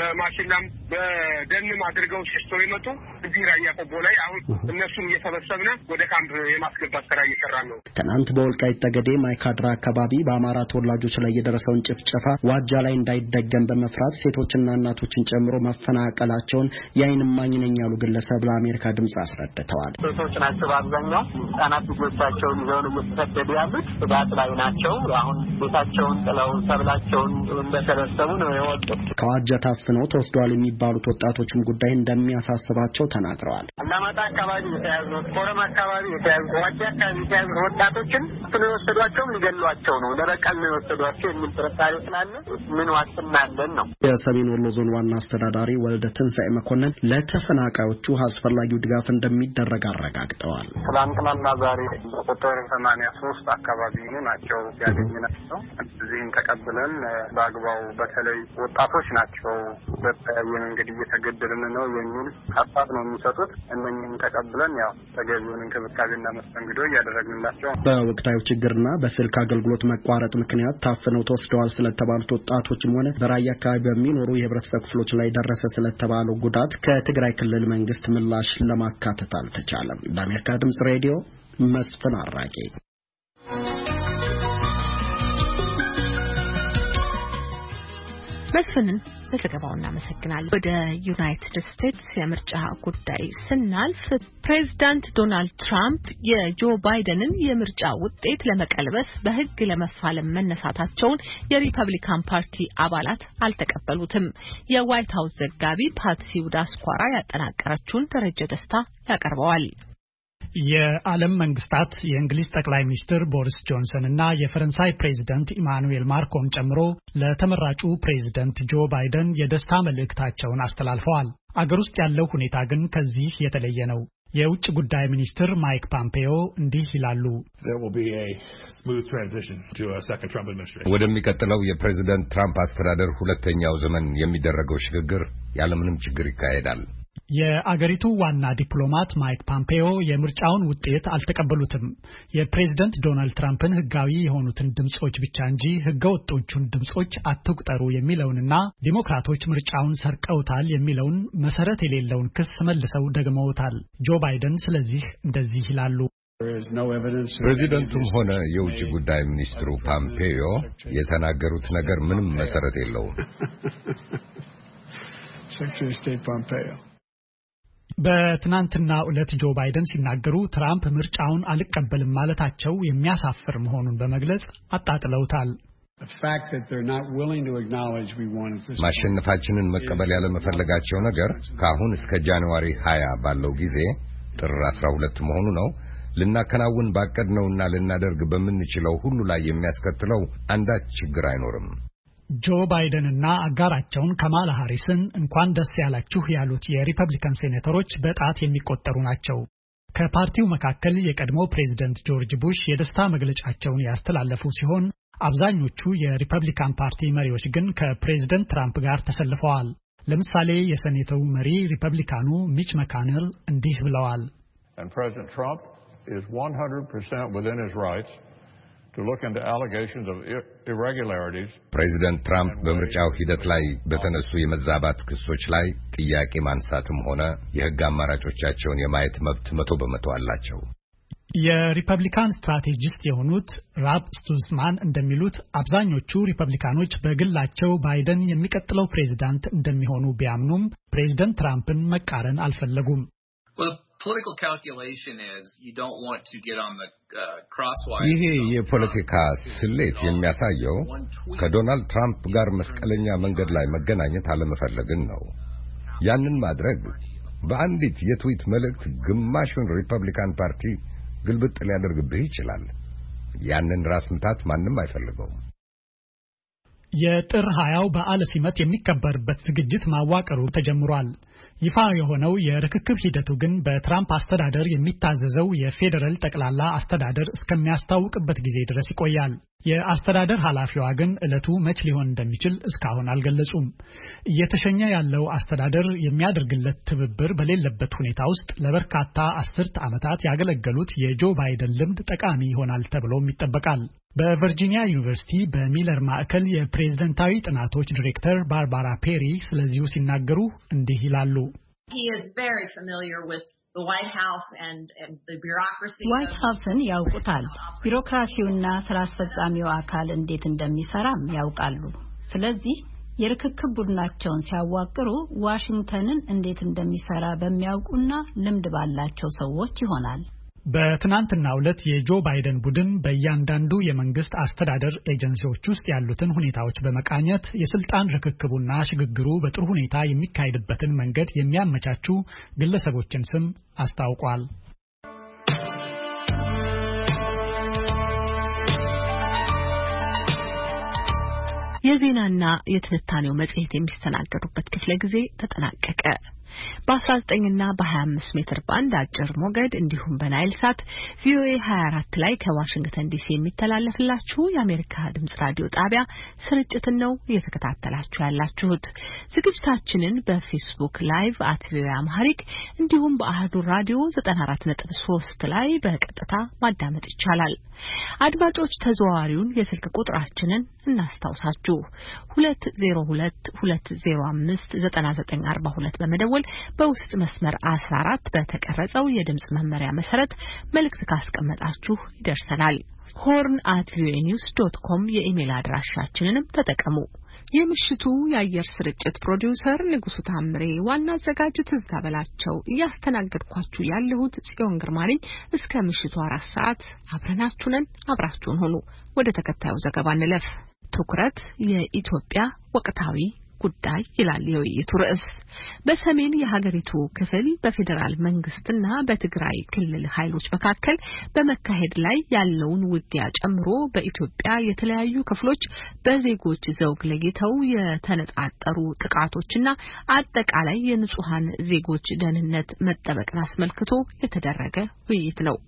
Speaker 14: በማሽላም በደንም አድርገው ሸሽተው የመጡ እዚህ ራያ ቆቦ ላይ አሁን
Speaker 3: እነሱን እየሰበሰብነ ወደ ካምፕ የማስገባት ስራ እየሰራ ነው። ትናንት በወልቃይት ጠገዴ ማይካድራ አካባቢ በአማራ ተወላጆች ላይ የደረሰውን ጭፍጨፋ ዋጃ ላይ እንዳይደገም በመፍራት ሴቶችና እናቶችን ጨምሮ መፈናቀላቸውን የዓይን እማኝ ነኝ ያሉ ግለሰብ ለአሜሪካ ድምጽ አስረድተዋል።
Speaker 14: ሴቶች ናቸው በአብዛኛው ህጻናት ልጆቻቸውን ይዘውን እየተሰደዱ ያሉት ስጋት ላይ ናቸው። አሁን ቤታቸውን ጥለው ሰብላቸውን እንደሰበሰቡ ነው የወጡት።
Speaker 3: ከዋጀ ታፍነው ተወስዷል የሚባሉት ወጣቶችም ጉዳይ እንደሚያሳስባቸው ተናግረዋል።
Speaker 14: አላማጣ አካባቢ የተያዙ ኮረም አካባቢ የተያዙ ዋጃ አካባቢ የተያዙ ወጣቶችን ነው የወሰዷቸውም ሊገሏቸው ነው ለበቀል ነው የወሰዷቸው የሚል ጥርጣሬ ስላለ ምን ዋስትና አለ ወስደን ነው።
Speaker 3: የሰሜን ወሎ ዞን ዋና አስተዳዳሪ ወልደ ትንሳኤ መኮንን ለተፈናቃዮቹ አስፈላጊው ድጋፍ እንደሚደረግ አረጋግጠዋል።
Speaker 14: ትላንትናና ዛሬ ቁጥር ሰማንያ ሶስት አካባቢ ናቸው ያገኘናቸው። እዚህም ተቀብለን በአግባቡ በተለይ ወጣቶች ናቸው በተለያየ እንግዲህ እየተገደልን ነው የሚል ሀሳብ ነው የሚሰጡት። እነኝህም ተቀብለን ያው ተገቢውን እንክብካቤና መስተንግዶ
Speaker 15: እያደረግንላቸው
Speaker 3: በወቅታዊ ችግርና በስልክ አገልግሎት መቋረጥ ምክንያት ታፍነው ተወስደዋል ስለተባሉት ወጣቶችም ሆነ በራያ በተለያየ አካባቢ በሚኖሩ የህብረተሰብ ክፍሎች ላይ ደረሰ ስለተባለው ጉዳት ከትግራይ ክልል መንግስት ምላሽ ለማካተት አልተቻለም። ለአሜሪካ ድምጽ ሬዲዮ መስፍን አራቂ
Speaker 1: መስፍንን ለዘገባው እናመሰግናለን። ወደ ዩናይትድ ስቴትስ የምርጫ ጉዳይ ስናልፍ ፕሬዚዳንት ዶናልድ ትራምፕ የጆ ባይደንን የምርጫ ውጤት ለመቀልበስ በሕግ ለመፋለም መነሳታቸውን የሪፐብሊካን ፓርቲ አባላት አልተቀበሉትም። የዋይት ሀውስ ዘጋቢ ፓትሲ ውዳስኳራ ያጠናቀረችውን ደረጀ ደስታ ያቀርበዋል።
Speaker 16: የዓለም መንግስታት የእንግሊዝ ጠቅላይ ሚኒስትር ቦሪስ ጆንሰን እና የፈረንሳይ ፕሬዚደንት ኢማኑኤል ማክሮን ጨምሮ ለተመራጩ ፕሬዚደንት ጆ ባይደን የደስታ መልእክታቸውን አስተላልፈዋል። አገር ውስጥ ያለው ሁኔታ ግን ከዚህ የተለየ ነው። የውጭ ጉዳይ ሚኒስትር ማይክ ፖምፔዮ እንዲህ ይላሉ።
Speaker 7: ወደሚቀጥለው የፕሬዚደንት ትራምፕ አስተዳደር ሁለተኛው ዘመን የሚደረገው ሽግግር ያለምንም ችግር ይካሄዳል።
Speaker 16: የአገሪቱ ዋና ዲፕሎማት ማይክ ፖምፔዮ የምርጫውን ውጤት አልተቀበሉትም። የፕሬዝደንት ዶናልድ ትራምፕን ሕጋዊ የሆኑትን ድምፆች ብቻ እንጂ ወጦቹን ድምፆች አትቁጠሩ የሚለውንና ዲሞክራቶች ምርጫውን ሰርቀውታል የሚለውን መሰረት የሌለውን ክስ መልሰው ደግመውታል። ጆ ባይደን ስለዚህ እንደዚህ ይላሉ።
Speaker 7: ፕሬዚደንቱም ሆነ የውጭ ጉዳይ ሚኒስትሩ ፓምፔዮ የተናገሩት ነገር ምንም መሰረት የለውም። [LAUGHS]
Speaker 16: በትናንትና ዕለት ጆ ባይደን ሲናገሩ ትራምፕ ምርጫውን አልቀበልም ማለታቸው የሚያሳፍር መሆኑን በመግለጽ አጣጥለውታል።
Speaker 7: ማሸነፋችንን መቀበል ያለመፈለጋቸው ነገር ከአሁን እስከ ጃንዋሪ 20 ባለው ጊዜ ጥር 12 መሆኑ ነው ልናከናውን ባቀድነውና ልናደርግ በምንችለው ሁሉ ላይ የሚያስከትለው አንዳች ችግር አይኖርም።
Speaker 16: ጆ ባይደንና አጋራቸውን ከማላ ሃሪስን እንኳን ደስ ያላችሁ ያሉት የሪፐብሊካን ሴኔተሮች በጣት የሚቆጠሩ ናቸው። ከፓርቲው መካከል የቀድሞ ፕሬዚደንት ጆርጅ ቡሽ የደስታ መግለጫቸውን ያስተላለፉ ሲሆን አብዛኞቹ የሪፐብሊካን ፓርቲ መሪዎች ግን ከፕሬዚደንት ትራምፕ ጋር ተሰልፈዋል። ለምሳሌ የሰኔተው መሪ ሪፐብሊካኑ ሚች መካነል እንዲህ ብለዋል።
Speaker 7: ፕሬዚደንት ትራምፕ በምርጫው ሂደት ላይ በተነሱ የመዛባት ክሶች ላይ ጥያቄ ማንሳትም ሆነ የሕግ አማራጮቻቸውን የማየት መብት መቶ በመቶ አላቸው።
Speaker 16: የሪፐብሊካን ስትራቴጂስት የሆኑት ራብ ስቱዝማን እንደሚሉት አብዛኞቹ ሪፐብሊካኖች በግላቸው ባይደን የሚቀጥለው ፕሬዚዳንት እንደሚሆኑ ቢያምኑም ፕሬዚደንት ትራምፕን
Speaker 7: መቃረን አልፈለጉም።
Speaker 15: political calculation is you don't want to get on the uh, crosswise ይሄ
Speaker 7: የፖለቲካ ስሌት የሚያሳየው ከዶናልድ ትራምፕ ጋር መስቀለኛ መንገድ ላይ መገናኘት አለመፈለግን ነው። ያንን ማድረግ በአንዲት የትዊት መልእክት ግማሹን ሪፐብሊካን ፓርቲ ግልብጥ ሊያደርግብህ ይችላል። ያንን ራስ ምታት ማንም አይፈልገውም።
Speaker 16: የጥር ሀያው በዓለ ሲመት የሚከበርበት ዝግጅት ማዋቀሩ ተጀምሯል። ይፋ የሆነው የርክክብ ሂደቱ ግን በትራምፕ አስተዳደር የሚታዘዘው የፌዴራል ጠቅላላ አስተዳደር እስከሚያስታውቅበት ጊዜ ድረስ ይቆያል። የአስተዳደር ኃላፊዋ ግን ዕለቱ መች ሊሆን እንደሚችል እስካሁን አልገለጹም። እየተሸኘ ያለው አስተዳደር የሚያደርግለት ትብብር በሌለበት ሁኔታ ውስጥ ለበርካታ አስርት ዓመታት ያገለገሉት የጆ ባይደን ልምድ ጠቃሚ ይሆናል ተብሎም ይጠበቃል። በቨርጂኒያ ዩኒቨርሲቲ በሚለር ማዕከል የፕሬዝደንታዊ ጥናቶች ዲሬክተር ባርባራ ፔሪ ስለዚሁ ሲናገሩ እንዲህ ይላሉ።
Speaker 1: ዋይት ሀውስን
Speaker 4: ያውቁታል። ቢሮክራሲውና ስራ አስፈጻሚው አካል እንዴት እንደሚሰራም ያውቃሉ። ስለዚህ የርክክብ ቡድናቸውን ሲያዋቅሩ ዋሽንግተንን እንዴት እንደሚሰራ በሚያውቁና ልምድ ባላቸው ሰዎች ይሆናል።
Speaker 16: በትናንትና ዕለት የጆ ባይደን ቡድን በእያንዳንዱ የመንግስት አስተዳደር ኤጀንሲዎች ውስጥ ያሉትን ሁኔታዎች በመቃኘት የስልጣን ርክክቡና ሽግግሩ በጥሩ ሁኔታ የሚካሄድበትን መንገድ የሚያመቻቹ ግለሰቦችን ስም አስታውቋል።
Speaker 1: የዜናና የትንታኔው መጽሔት የሚስተናገዱበት ክፍለ ጊዜ ተጠናቀቀ። በ19 እና በ25 ሜትር ባንድ አጭር ሞገድ እንዲሁም በናይል ሳት ቪኦኤ 24 ላይ ከዋሽንግተን ዲሲ የሚተላለፍላችሁ የአሜሪካ ድምጽ ራዲዮ ጣቢያ ስርጭትን ነው እየተከታተላችሁ ያላችሁት። ዝግጅታችንን በፌስቡክ ላይቭ አት ቪኦኤ አምሃሪክ እንዲሁም በአህዱ ራዲዮ 94.3 ላይ በቀጥታ ማዳመጥ ይቻላል። አድማጮች ተዘዋዋሪውን የስልክ ቁጥራችንን እናስታውሳችሁ። 2022059942 በመደወል በውስጥ መስመር 14 በተቀረጸው የድምጽ መመሪያ መሰረት መልእክት ካስቀመጣችሁ ይደርሰናል። ሆርን አት ቪኦኤ ኒውስ ዶት ኮም የኢሜል አድራሻችንንም ተጠቀሙ። የምሽቱ የአየር ስርጭት ፕሮዲውሰር ንጉሱ ታምሬ፣ ዋና አዘጋጅ ትዝታ በላቸው፣ እያስተናገድኳችሁ ያለሁት ጽዮን ግርማ ነኝ። እስከ ምሽቱ አራት ሰዓት አብረናችሁ ነን። አብራችሁን ሆኑ። ወደ ተከታዩ ዘገባ እንለፍ። ትኩረት የኢትዮጵያ ወቅታዊ ጉዳይ ይላል የውይይቱ ርዕስ። በሰሜን የሀገሪቱ ክፍል በፌዴራል መንግስትና በትግራይ ክልል ኃይሎች መካከል በመካሄድ ላይ ያለውን ውጊያ ጨምሮ በኢትዮጵያ የተለያዩ ክፍሎች በዜጎች ዘውግ ለይተው የተነጣጠሩ ጥቃቶችና አጠቃላይ የንጹሐን ዜጎች ደህንነት መጠበቅን አስመልክቶ የተደረገ ውይይት ነው።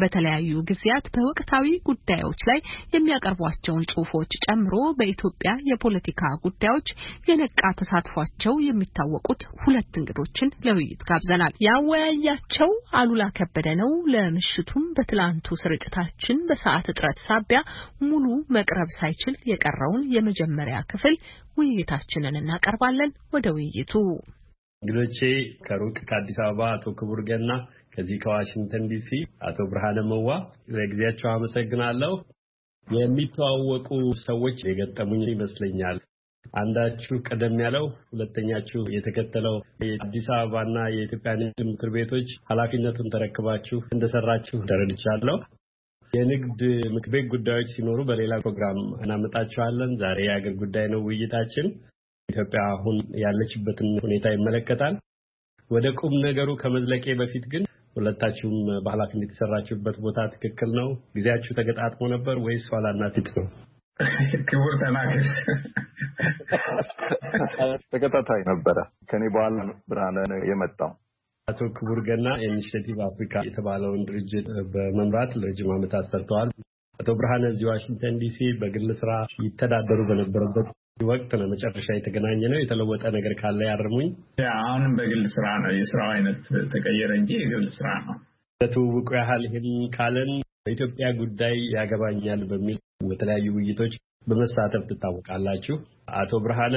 Speaker 1: በተለያዩ ጊዜያት በወቅታዊ ጉዳዮች ላይ የሚያቀርቧቸውን ጽሑፎች ጨምሮ በኢትዮጵያ የፖለቲካ ጉዳዮች የነቃ ተሳትፏቸው የሚታወቁት ሁለት እንግዶችን ለውይይት ጋብዘናል። ያወያያቸው አሉላ ከበደ ነው። ለምሽቱም በትላንቱ ስርጭታችን በሰዓት እጥረት ሳቢያ ሙሉ መቅረብ ሳይችል የቀረውን የመጀመሪያ ክፍል ውይይታችንን እናቀርባለን። ወደ ውይይቱ
Speaker 13: እንግዶቼ
Speaker 17: ከሩቅ ከአዲስ አበባ አቶ ክቡር ገና ከዚህ ከዋሽንግተን ዲሲ አቶ ብርሃነ መዋ ለጊዜያቸው አመሰግናለሁ። የሚተዋወቁ ሰዎች የገጠሙኝ ይመስለኛል። አንዳችሁ ቀደም ያለው ሁለተኛችሁ የተከተለው የአዲስ አበባና የኢትዮጵያ ንግድ ምክር ቤቶች ኃላፊነቱን ተረክባችሁ እንደሰራችሁ ተረድቻለሁ። የንግድ ምክር ቤት ጉዳዮች ሲኖሩ በሌላ ፕሮግራም እናመጣችኋለን። ዛሬ የአገር ጉዳይ ነው ውይይታችን። ኢትዮጵያ አሁን ያለችበትን ሁኔታ ይመለከታል። ወደ ቁም ነገሩ ከመዝለቄ በፊት ግን ሁለታችሁም በኃላፊነት የሰራችሁበት ቦታ ትክክል ነው? ጊዜያችሁ ተገጣጥሞ ነበር ወይስ ኋላና ፊት ነው?
Speaker 9: ክቡር ተናገር
Speaker 8: ተከታታይ ነበረ። ከኔ በኋላ ብርሃነ የመጣው።
Speaker 17: አቶ ክቡር ገና ኢኒሽቲቭ አፍሪካ የተባለውን ድርጅት በመምራት ለረጅም ዓመታት ሰርተዋል። አቶ ብርሃነ እዚህ ዋሽንግተን ዲሲ በግል ስራ ይተዳደሩ በነበረበት ወቅት ነው መጨረሻ የተገናኘ ነው። የተለወጠ ነገር ካለ ያርሙኝ።
Speaker 9: አሁንም በግል ስራ
Speaker 17: ነው የስራው አይነት ተቀየረ እንጂ የግል ስራ ነው። ለትውውቁ ያህል ይህን ካለን በኢትዮጵያ ጉዳይ ያገባኛል በሚል በተለያዩ ውይይቶች በመሳተፍ ትታወቃላችሁ። አቶ ብርሃነ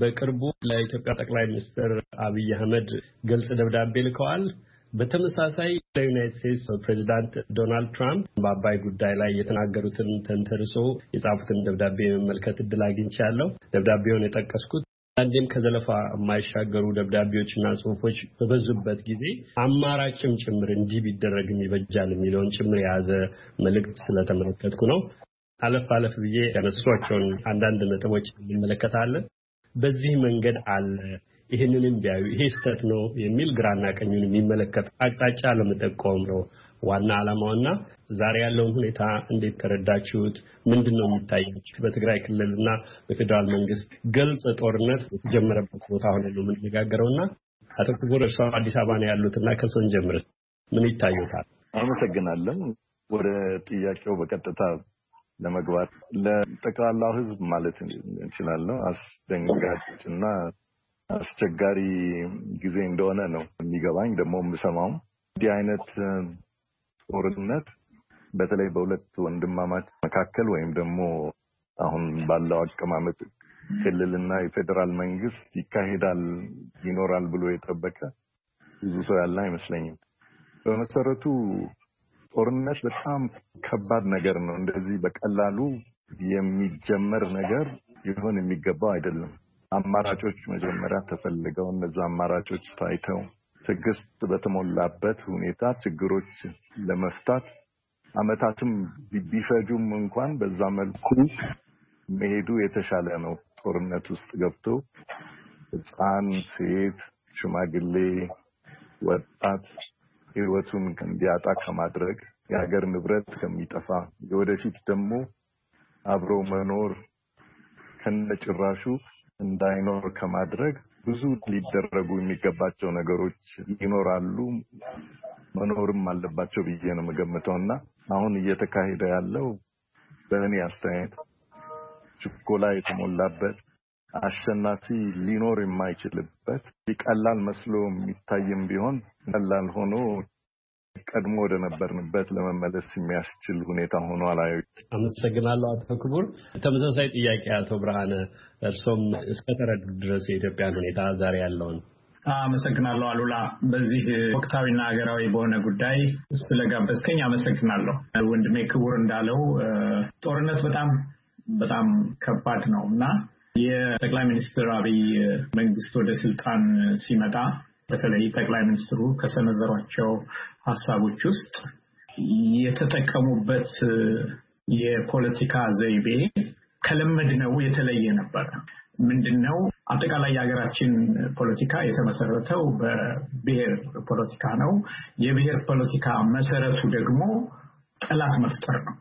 Speaker 17: በቅርቡ ለኢትዮጵያ ጠቅላይ ሚኒስትር አብይ አህመድ ግልጽ ደብዳቤ ልከዋል። በተመሳሳይ ለዩናይት ስቴትስ ፕሬዚዳንት ዶናልድ ትራምፕ በአባይ ጉዳይ ላይ የተናገሩትን ተንተርሶ የጻፉትን ደብዳቤ የመመልከት እድል አግኝቻለሁ። ደብዳቤውን የጠቀስኩት አንዴም ከዘለፋ የማይሻገሩ ደብዳቤዎችና ጽሁፎች በበዙበት ጊዜ አማራጭም ጭምር እንዲህ ቢደረግም ይበጃል የሚለውን ጭምር የያዘ መልእክት ስለተመለከትኩ ነው። አለፍ አለፍ ብዬ ያነሷቸውን አንዳንድ ነጥቦች እንመለከታለን። በዚህ መንገድ አለ ይህንንም ቢያዩ ይሄ ስህተት ነው የሚል ግራና ቀኙን የሚመለከት አቅጣጫ ለመጠቆም ነው ዋና ዓላማውና ዛሬ ያለውን ሁኔታ እንዴት ተረዳችሁት? ምንድን ነው የሚታያችሁ? በትግራይ እና በፌዴራል መንግስት ግልጽ ጦርነት የተጀመረበት ቦታ ሆነ ነው የምንነጋገረው እና አቶ ክቡር እርሷ አዲስ አበባ ነው ያሉት እና ከሰውን ጀምር ምን
Speaker 8: ይታዩታል? አመሰግናለን። ወደ ጥያቄው በቀጥታ ለመግባት ለጠቅላላው ህዝብ ማለት እንችላለሁ አስደንጋጭ እና አስቸጋሪ ጊዜ እንደሆነ ነው የሚገባኝ። ደግሞ የምሰማውም እንዲህ አይነት ጦርነት በተለይ በሁለት ወንድማማች መካከል ወይም ደግሞ አሁን ባለው አቀማመጥ ክልልና የፌዴራል መንግስት ይካሄዳል ይኖራል ብሎ የጠበቀ ብዙ ሰው ያለ አይመስለኝም። በመሰረቱ ጦርነት በጣም ከባድ ነገር ነው። እንደዚህ በቀላሉ የሚጀመር ነገር ሊሆን የሚገባው አይደለም። አማራጮች መጀመሪያ ተፈልገው እነዛ አማራጮች ታይተው ትዕግስት በተሞላበት ሁኔታ ችግሮች ለመፍታት አመታትም ቢፈጁም እንኳን በዛ መልኩ መሄዱ የተሻለ ነው። ጦርነት ውስጥ ገብቶ ሕፃን፣ ሴት፣ ሽማግሌ፣ ወጣት ህይወቱን እንዲያጣ ከማድረግ የሀገር ንብረት ከሚጠፋ የወደፊት ደግሞ አብሮ መኖር ከነጭራሹ እንዳይኖር ከማድረግ ብዙ ሊደረጉ የሚገባቸው ነገሮች ይኖራሉ፣ መኖርም አለባቸው ብዬ ነው የምገምተው እና አሁን እየተካሄደ ያለው በእኔ አስተያየት ችኮላ የተሞላበት አሸናፊ ሊኖር የማይችልበት ቀላል መስሎ የሚታይም ቢሆን ቀላል ሆኖ ቀድሞ ወደ ነበርንበት ለመመለስ የሚያስችል ሁኔታ ሆኖ አላዩ።
Speaker 17: አመሰግናለሁ አቶ ክቡር። ተመሳሳይ ጥያቄ አቶ ብርሃነ እርሶም እስከተረዱ ድረስ የኢትዮጵያን ሁኔታ ዛሬ ያለውን
Speaker 9: አመሰግናለሁ አሉላ። በዚህ ወቅታዊና ሀገራዊ በሆነ ጉዳይ ስለጋበዝከኝ አመሰግናለሁ። ወንድሜ ክቡር እንዳለው ጦርነት በጣም በጣም ከባድ ነው እና የጠቅላይ ሚኒስትር አብይ መንግስት ወደ ስልጣን ሲመጣ በተለይ ጠቅላይ ሚኒስትሩ ከሰነዘሯቸው ሀሳቦች ውስጥ የተጠቀሙበት የፖለቲካ ዘይቤ ከለመድ ነው የተለየ ነበር። ምንድን ነው? አጠቃላይ የሀገራችን ፖለቲካ የተመሰረተው በብሔር ፖለቲካ ነው። የብሔር ፖለቲካ መሰረቱ ደግሞ ጠላት መፍጠር ነው።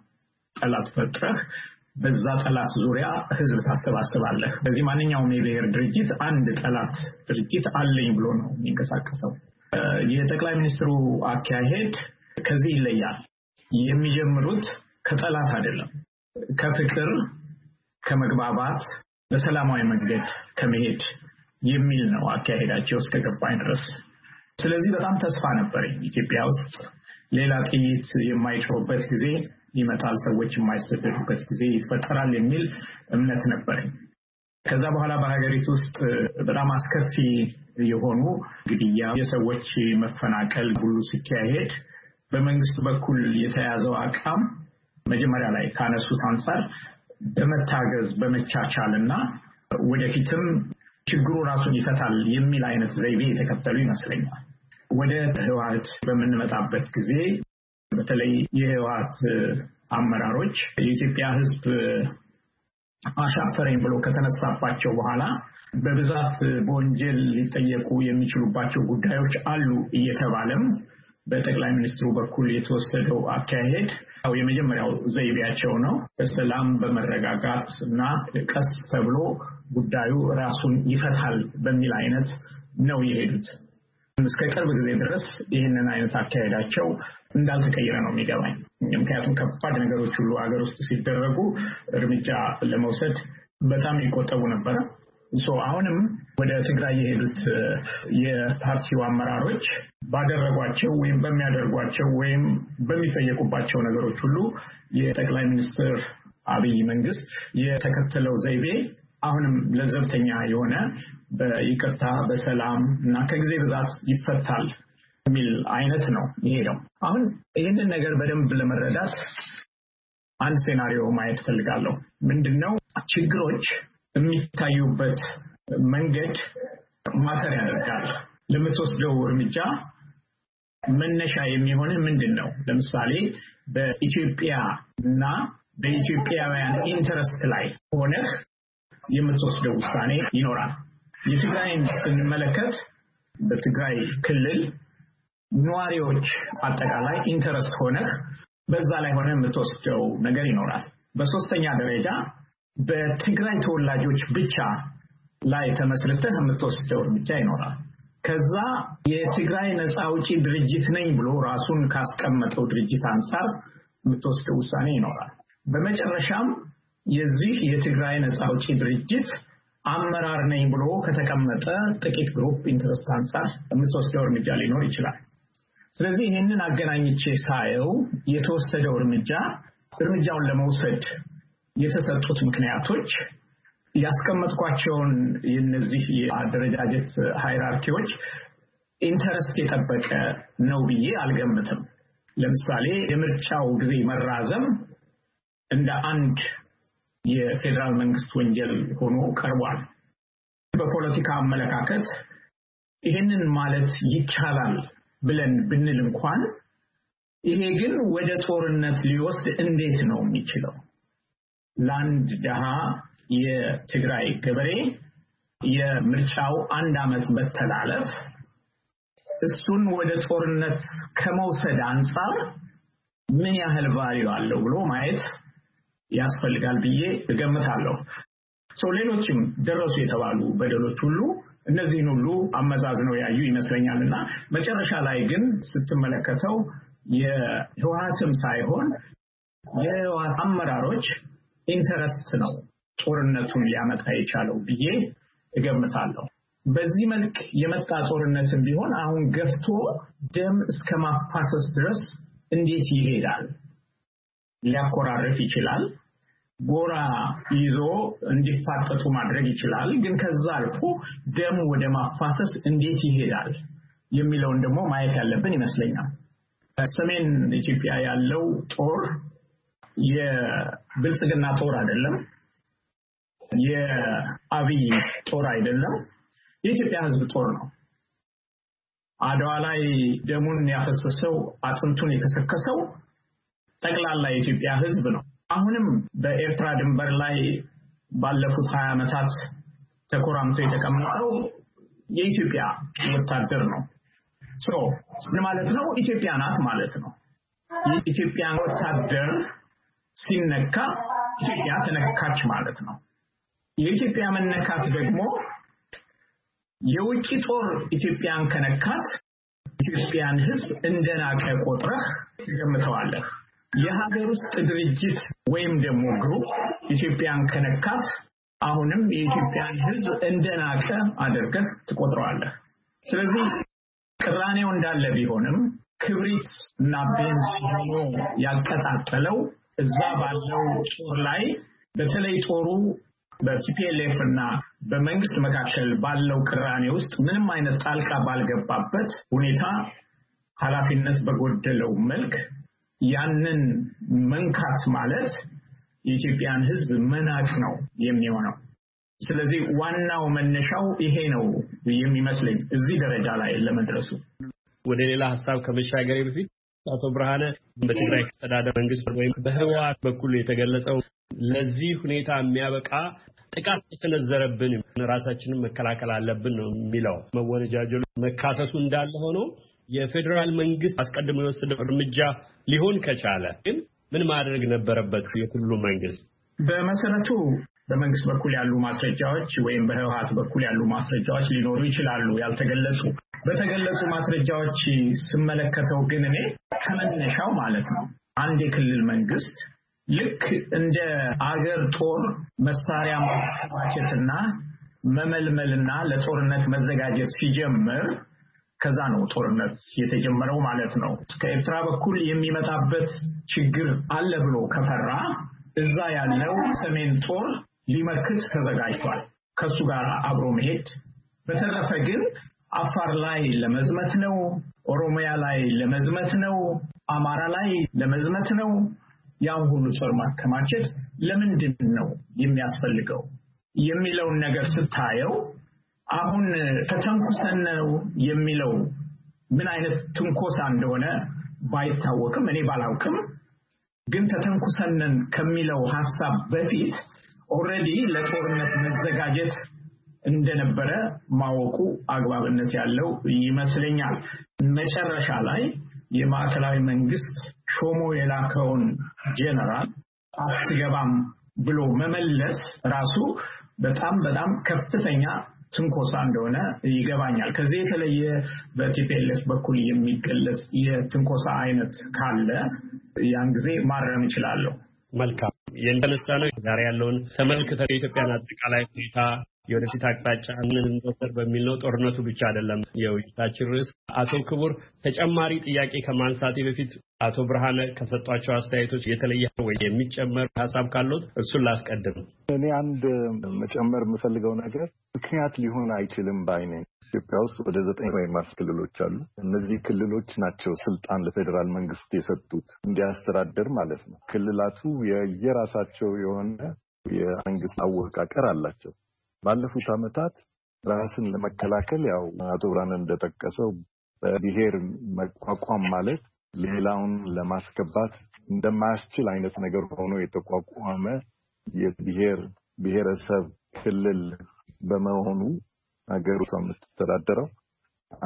Speaker 9: ጠላት ፈጥረህ በዛ ጠላት ዙሪያ ህዝብ ታሰባስባለህ። በዚህ ማንኛውም የብሔር ድርጅት አንድ ጠላት ድርጅት አለኝ ብሎ ነው የሚንቀሳቀሰው። የጠቅላይ ሚኒስትሩ አካሄድ ከዚህ ይለያል። የሚጀምሩት ከጠላት አይደለም፣ ከፍቅር፣ ከመግባባት፣ በሰላማዊ መንገድ ከመሄድ የሚል ነው አካሄዳቸው እስከ ገባኝ ድረስ። ስለዚህ በጣም ተስፋ ነበረኝ ኢትዮጵያ ውስጥ ሌላ ጥይት የማይጮህበት ጊዜ ይመጣል፣ ሰዎች የማይሰደዱበት ጊዜ ይፈጠራል የሚል እምነት ነበረኝ። ከዛ በኋላ በሀገሪቱ ውስጥ በጣም አስከፊ የሆኑ ግድያ፣ የሰዎች መፈናቀል ሁሉ ሲካሄድ በመንግስት በኩል የተያዘው አቋም መጀመሪያ ላይ ካነሱት አንጻር በመታገዝ በመቻቻል እና ወደፊትም ችግሩ ራሱን ይፈታል የሚል አይነት ዘይቤ የተከተሉ ይመስለኛል። ወደ ህወሓት በምንመጣበት ጊዜ በተለይ የህወሀት አመራሮች የኢትዮጵያ ህዝብ አሻፈረኝ ብሎ ከተነሳባቸው በኋላ በብዛት በወንጀል ሊጠየቁ የሚችሉባቸው ጉዳዮች አሉ እየተባለም በጠቅላይ ሚኒስትሩ በኩል የተወሰደው አካሄድ ያው የመጀመሪያው ዘይቤያቸው ነው። በሰላም በመረጋጋት እና ቀስ ተብሎ ጉዳዩ ራሱን ይፈታል በሚል አይነት ነው የሄዱት። እስከ ቅርብ ጊዜ ድረስ ይህንን አይነት አካሄዳቸው እንዳልተቀየረ ነው የሚገባኝ። ምክንያቱም ከባድ ነገሮች ሁሉ ሀገር ውስጥ ሲደረጉ እርምጃ ለመውሰድ በጣም ይቆጠቡ ነበረ። አሁንም ወደ ትግራይ የሄዱት የፓርቲው አመራሮች ባደረጓቸው ወይም በሚያደርጓቸው ወይም በሚጠየቁባቸው ነገሮች ሁሉ የጠቅላይ ሚኒስትር አብይ መንግስት የተከተለው ዘይቤ አሁንም ለዘብተኛ የሆነ በይቅርታ በሰላም እና ከጊዜ ብዛት ይፈታል የሚል አይነት ነው ይሄደው አሁን ይህንን ነገር በደንብ ለመረዳት አንድ ሴናሪዮ ማየት ፈልጋለሁ። ምንድነው? ችግሮች የሚታዩበት መንገድ ማተር ያደርጋል። ለምትወስደው እርምጃ መነሻ የሚሆን ምንድን ነው? ለምሳሌ በኢትዮጵያ እና በኢትዮጵያውያን ኢንተረስት ላይ ሆነህ የምትወስደው ውሳኔ ይኖራል። የትግራይን ስንመለከት በትግራይ ክልል ነዋሪዎች አጠቃላይ ኢንተረስት ሆነህ በዛ ላይ ሆነ የምትወስደው ነገር ይኖራል። በሶስተኛ ደረጃ በትግራይ ተወላጆች ብቻ ላይ ተመስርተህ የምትወስደው እርምጃ ይኖራል። ከዛ የትግራይ ነፃ አውጪ ድርጅት ነኝ ብሎ ራሱን ካስቀመጠው ድርጅት አንጻር የምትወስደው ውሳኔ ይኖራል። በመጨረሻም የዚህ የትግራይ ነጻ አውጪ ድርጅት አመራር ነኝ ብሎ ከተቀመጠ ጥቂት ግሩፕ ኢንትረስት አንጻር የምትወስደው እርምጃ ሊኖር ይችላል። ስለዚህ ይህንን አገናኝቼ ሳየው የተወሰደው እርምጃ እርምጃውን ለመውሰድ የተሰጡት ምክንያቶች ያስቀመጥኳቸውን የነዚህ የአደረጃጀት ሃይራርኪዎች ኢንተረስት የጠበቀ ነው ብዬ አልገምትም። ለምሳሌ የምርጫው ጊዜ መራዘም እንደ አንድ የፌዴራል መንግስት ወንጀል ሆኖ ቀርቧል። በፖለቲካ አመለካከት ይህንን ማለት ይቻላል ብለን ብንል እንኳን ይሄ ግን ወደ ጦርነት ሊወስድ እንዴት ነው የሚችለው? ለአንድ ድሃ የትግራይ ገበሬ የምርጫው አንድ ዓመት መተላለፍ እሱን ወደ ጦርነት ከመውሰድ አንጻር ምን ያህል ቫሊዩ አለው ብሎ ማየት ያስፈልጋል ብዬ እገምታለሁ። ሰው ሌሎችም ደረሱ የተባሉ በደሎች ሁሉ እነዚህን ሁሉ አመዛዝ ነው ያዩ ይመስለኛል እና መጨረሻ ላይ ግን ስትመለከተው የህወሀትም ሳይሆን የህወሀት አመራሮች ኢንተረስት ነው ጦርነቱን ሊያመጣ የቻለው ብዬ እገምታለሁ። በዚህ መልክ የመጣ ጦርነትም ቢሆን አሁን ገፍቶ ደም እስከ ማፋሰስ ድረስ እንዴት ይሄዳል? ሊያኮራርፍ ይችላል። ጎራ ይዞ እንዲፋጠጡ ማድረግ ይችላል። ግን ከዛ አልፎ ደም ወደ ማፋሰስ እንዴት ይሄዳል የሚለውን ደግሞ ማየት ያለብን ይመስለኛል። ሰሜን ኢትዮጵያ ያለው ጦር የብልጽግና ጦር አይደለም፣ የአብይ ጦር አይደለም፣ የኢትዮጵያ ሕዝብ ጦር ነው። አድዋ ላይ ደሙን ያፈሰሰው አጥንቱን የከሰከሰው ጠቅላላ የኢትዮጵያ ሕዝብ ነው። አሁንም በኤርትራ ድንበር ላይ ባለፉት ሀያ ዓመታት ተኮራምቶ የተቀመጠው የኢትዮጵያ ወታደር ነው። ምን ማለት ነው? ኢትዮጵያ ናት ማለት ነው። የኢትዮጵያ ወታደር ሲነካ
Speaker 15: ኢትዮጵያ ተነካች
Speaker 9: ማለት ነው። የኢትዮጵያ መነካት ደግሞ የውጭ ጦር ኢትዮጵያን ከነካት ኢትዮጵያን ሕዝብ እንደናቀ ቆጥረህ ትገምተዋለህ። የሀገር ውስጥ ድርጅት ወይም ደግሞ ግሩፕ ኢትዮጵያን ከነካት አሁንም የኢትዮጵያን ሕዝብ እንደናቀ አድርገህ ትቆጥረዋለህ። ስለዚህ ቅራኔው እንዳለ ቢሆንም ክብሪት እና ቤንዝ ሆኖ ያቀጣጠለው እዛ ባለው ጦር ላይ በተለይ ጦሩ በቲፒኤልኤፍ እና በመንግስት መካከል ባለው ቅራኔ ውስጥ ምንም አይነት ጣልቃ ባልገባበት ሁኔታ ኃላፊነት በጎደለው መልክ ያንን መንካት ማለት የኢትዮጵያን ህዝብ መናቅ ነው የሚሆነው። ስለዚህ ዋናው መነሻው ይሄ ነው የሚመስለኝ እዚህ ደረጃ ላይ ለመድረሱ። ወደ ሌላ ሀሳብ ከመሻገሬ በፊት አቶ ብርሃነ በትግራይ አስተዳደር መንግስት
Speaker 17: ወይም በህወት በኩል የተገለጸው ለዚህ ሁኔታ የሚያበቃ ጥቃት የሰነዘረብን ራሳችንን መከላከል አለብን ነው የሚለው መወነጃጀሉ መካሰሱ እንዳለ ሆኖ የፌዴራል መንግስት አስቀድሞ የወሰደው እርምጃ ሊሆን ከቻለ ግን ምን ማድረግ ነበረበት የክልሉ መንግስት?
Speaker 9: በመሰረቱ በመንግስት በኩል ያሉ ማስረጃዎች ወይም በህወሀት በኩል ያሉ ማስረጃዎች ሊኖሩ ይችላሉ፣ ያልተገለጹ። በተገለጹ ማስረጃዎች ስመለከተው ግን እኔ ከመነሻው ማለት ነው አንድ የክልል መንግስት ልክ እንደ አገር ጦር መሳሪያ ማቸትና መመልመልና ለጦርነት መዘጋጀት ሲጀምር ከዛ ነው ጦርነት የተጀመረው ማለት ነው። ከኤርትራ በኩል የሚመጣበት ችግር አለ ብሎ ከፈራ እዛ ያለው ሰሜን ጦር ሊመክት ተዘጋጅቷል። ከሱ ጋር አብሮ መሄድ። በተረፈ ግን አፋር ላይ ለመዝመት ነው፣ ኦሮሚያ ላይ ለመዝመት ነው፣ አማራ ላይ ለመዝመት ነው። ያን ሁሉ ጦር ማከማቸት ለምንድን ነው የሚያስፈልገው የሚለውን ነገር ስታየው አሁን ተተንኩሰን ነው የሚለው ምን አይነት ትንኮሳ እንደሆነ ባይታወቅም እኔ ባላውቅም፣ ግን ተተንኩሰነን ከሚለው ሀሳብ በፊት ኦረዲ ለጦርነት መዘጋጀት እንደነበረ ማወቁ አግባብነት ያለው ይመስለኛል። መጨረሻ ላይ የማዕከላዊ መንግስት ሾሞ የላከውን ጄኔራል አትገባም ብሎ መመለስ ራሱ በጣም በጣም ከፍተኛ ትንኮሳ እንደሆነ ይገባኛል። ከዚህ የተለየ በቲፒኤልኤፍ በኩል የሚገለጽ የትንኮሳ አይነት ካለ ያን ጊዜ ማረም እችላለሁ። መልካም የንተነሳ ነው። ዛሬ ያለውን
Speaker 17: ተመልክተ የኢትዮጵያን አጠቃላይ ሁኔታ የወደፊት አቅጣጫ እንንወሰድ በሚል ነው። ጦርነቱ ብቻ አይደለም የውይይታችን ርዕስ። አቶ ክቡር ተጨማሪ ጥያቄ ከማንሳቴ በፊት አቶ ብርሃነ ከሰጧቸው አስተያየቶች የተለየ ወይ የሚጨመር ሀሳብ ካሉት እሱን ላስቀድም።
Speaker 8: እኔ አንድ መጨመር የምፈልገው ነገር ምክንያት ሊሆን አይችልም ባይኔ ኢትዮጵያ ውስጥ ወደ ዘጠኝ ወይም ክልሎች አሉ። እነዚህ ክልሎች ናቸው ስልጣን ለፌዴራል መንግስት የሰጡት እንዲያስተዳደር ማለት ነው። ክልላቱ የየራሳቸው የሆነ የመንግስት አወቃቀር አላቸው። ባለፉት ዓመታት ራስን ለመከላከል ያው አቶ ብርሃነ እንደጠቀሰው በብሔር መቋቋም ማለት ሌላውን ለማስገባት እንደማያስችል አይነት ነገር ሆኖ የተቋቋመ የብሔር ብሔረሰብ ክልል በመሆኑ ሀገሪቷ የምትተዳደረው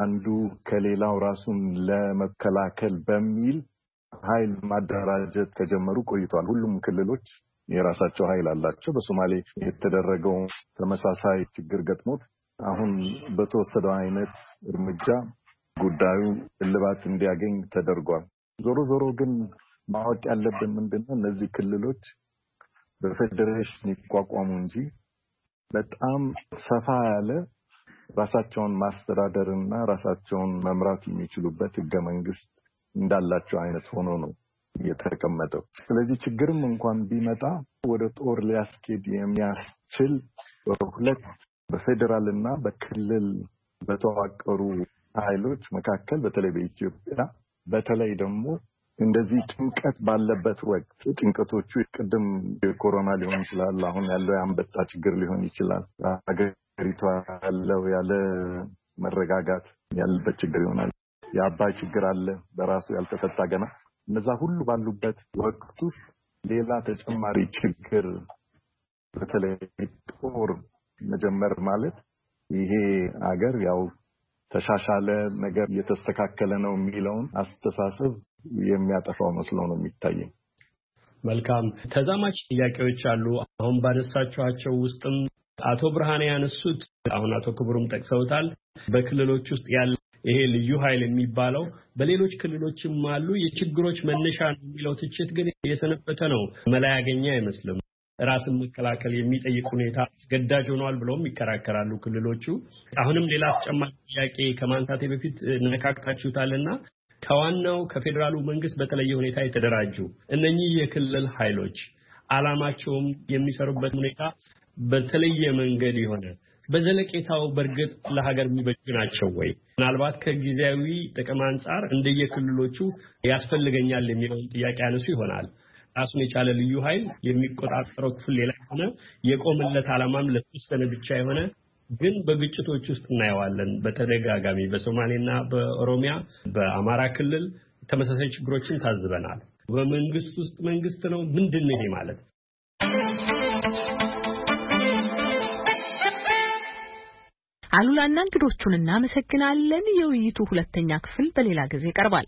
Speaker 8: አንዱ ከሌላው ራሱን ለመከላከል በሚል ኃይል ማደራጀት ከጀመሩ ቆይተዋል። ሁሉም ክልሎች የራሳቸው ኃይል አላቸው። በሶማሌ የተደረገው ተመሳሳይ ችግር ገጥሞት አሁን በተወሰደው አይነት እርምጃ ጉዳዩ እልባት እንዲያገኝ ተደርጓል። ዞሮ ዞሮ ግን ማወቅ ያለብን ምንድነው እነዚህ ክልሎች በፌዴሬሽን ይቋቋሙ እንጂ በጣም ሰፋ ያለ ራሳቸውን ማስተዳደር እና ራሳቸውን መምራት የሚችሉበት ህገ መንግስት እንዳላቸው አይነት ሆኖ ነው የተቀመጠው። ስለዚህ ችግርም እንኳን ቢመጣ ወደ ጦር ሊያስኬድ የሚያስችል በሁለት በፌዴራል እና በክልል በተዋቀሩ ኃይሎች መካከል በተለይ በኢትዮጵያ በተለይ ደግሞ እንደዚህ ጭንቀት ባለበት ወቅት ጭንቀቶቹ ቅድም የኮሮና ሊሆን ይችላል፣ አሁን ያለው የአንበጣ ችግር ሊሆን ይችላል፣ ሀገሪቷ ያለው ያለ መረጋጋት ያለበት ችግር ይሆናል። የአባይ ችግር አለ በራሱ ያልተፈታ ገና። እነዛ ሁሉ ባሉበት ወቅት ውስጥ ሌላ ተጨማሪ ችግር በተለይ ጦር መጀመር ማለት ይሄ አገር ያው ተሻሻለ ነገር እየተስተካከለ ነው የሚለውን አስተሳሰብ የሚያጠፋው መስሎ ነው የሚታየኝ።
Speaker 17: መልካም ተዛማች ጥያቄዎች አሉ። አሁን ባነሳችኋቸው ውስጥም አቶ ብርሃኔ ያነሱት አሁን አቶ ክቡሩም ጠቅሰውታል። በክልሎች ውስጥ ያለ ይሄ ልዩ ኃይል የሚባለው በሌሎች ክልሎችም አሉ የችግሮች መነሻ ነው የሚለው ትችት ግን የሰነበተ ነው፣ መላ ያገኘ አይመስልም። ራስን መከላከል የሚጠይቅ ሁኔታ አስገዳጅ ሆኗል ብለውም ይከራከራሉ ክልሎቹ። አሁንም ሌላ አስጨማሪ ጥያቄ ከማንሳቴ በፊት ነካክታችሁታልና ከዋናው ከፌዴራሉ መንግስት በተለየ ሁኔታ የተደራጁ እነኚህ የክልል ኃይሎች አላማቸውም የሚሰሩበት ሁኔታ በተለየ መንገድ የሆነ በዘለቄታው በእርግጥ ለሀገር የሚበጁ ናቸው ወይ? ምናልባት ከጊዜያዊ ጥቅም አንጻር እንደየክልሎቹ ያስፈልገኛል የሚለውን ጥያቄ ያነሱ ይሆናል። ራሱን የቻለ ልዩ ኃይል የሚቆጣጠረው ክፍል ሌላ የሆነ የቆመለት ዓላማም ለተወሰነ ብቻ የሆነ ግን በግጭቶች ውስጥ እናየዋለን። በተደጋጋሚ በሶማሌና በኦሮሚያ በአማራ ክልል ተመሳሳይ ችግሮችን ታዝበናል። በመንግስት ውስጥ መንግስት ነው ምንድን ነው ይሄ ማለት?
Speaker 1: አሉላና እንግዶቹን እናመሰግናለን። የውይይቱ ሁለተኛ ክፍል በሌላ ጊዜ ይቀርባል።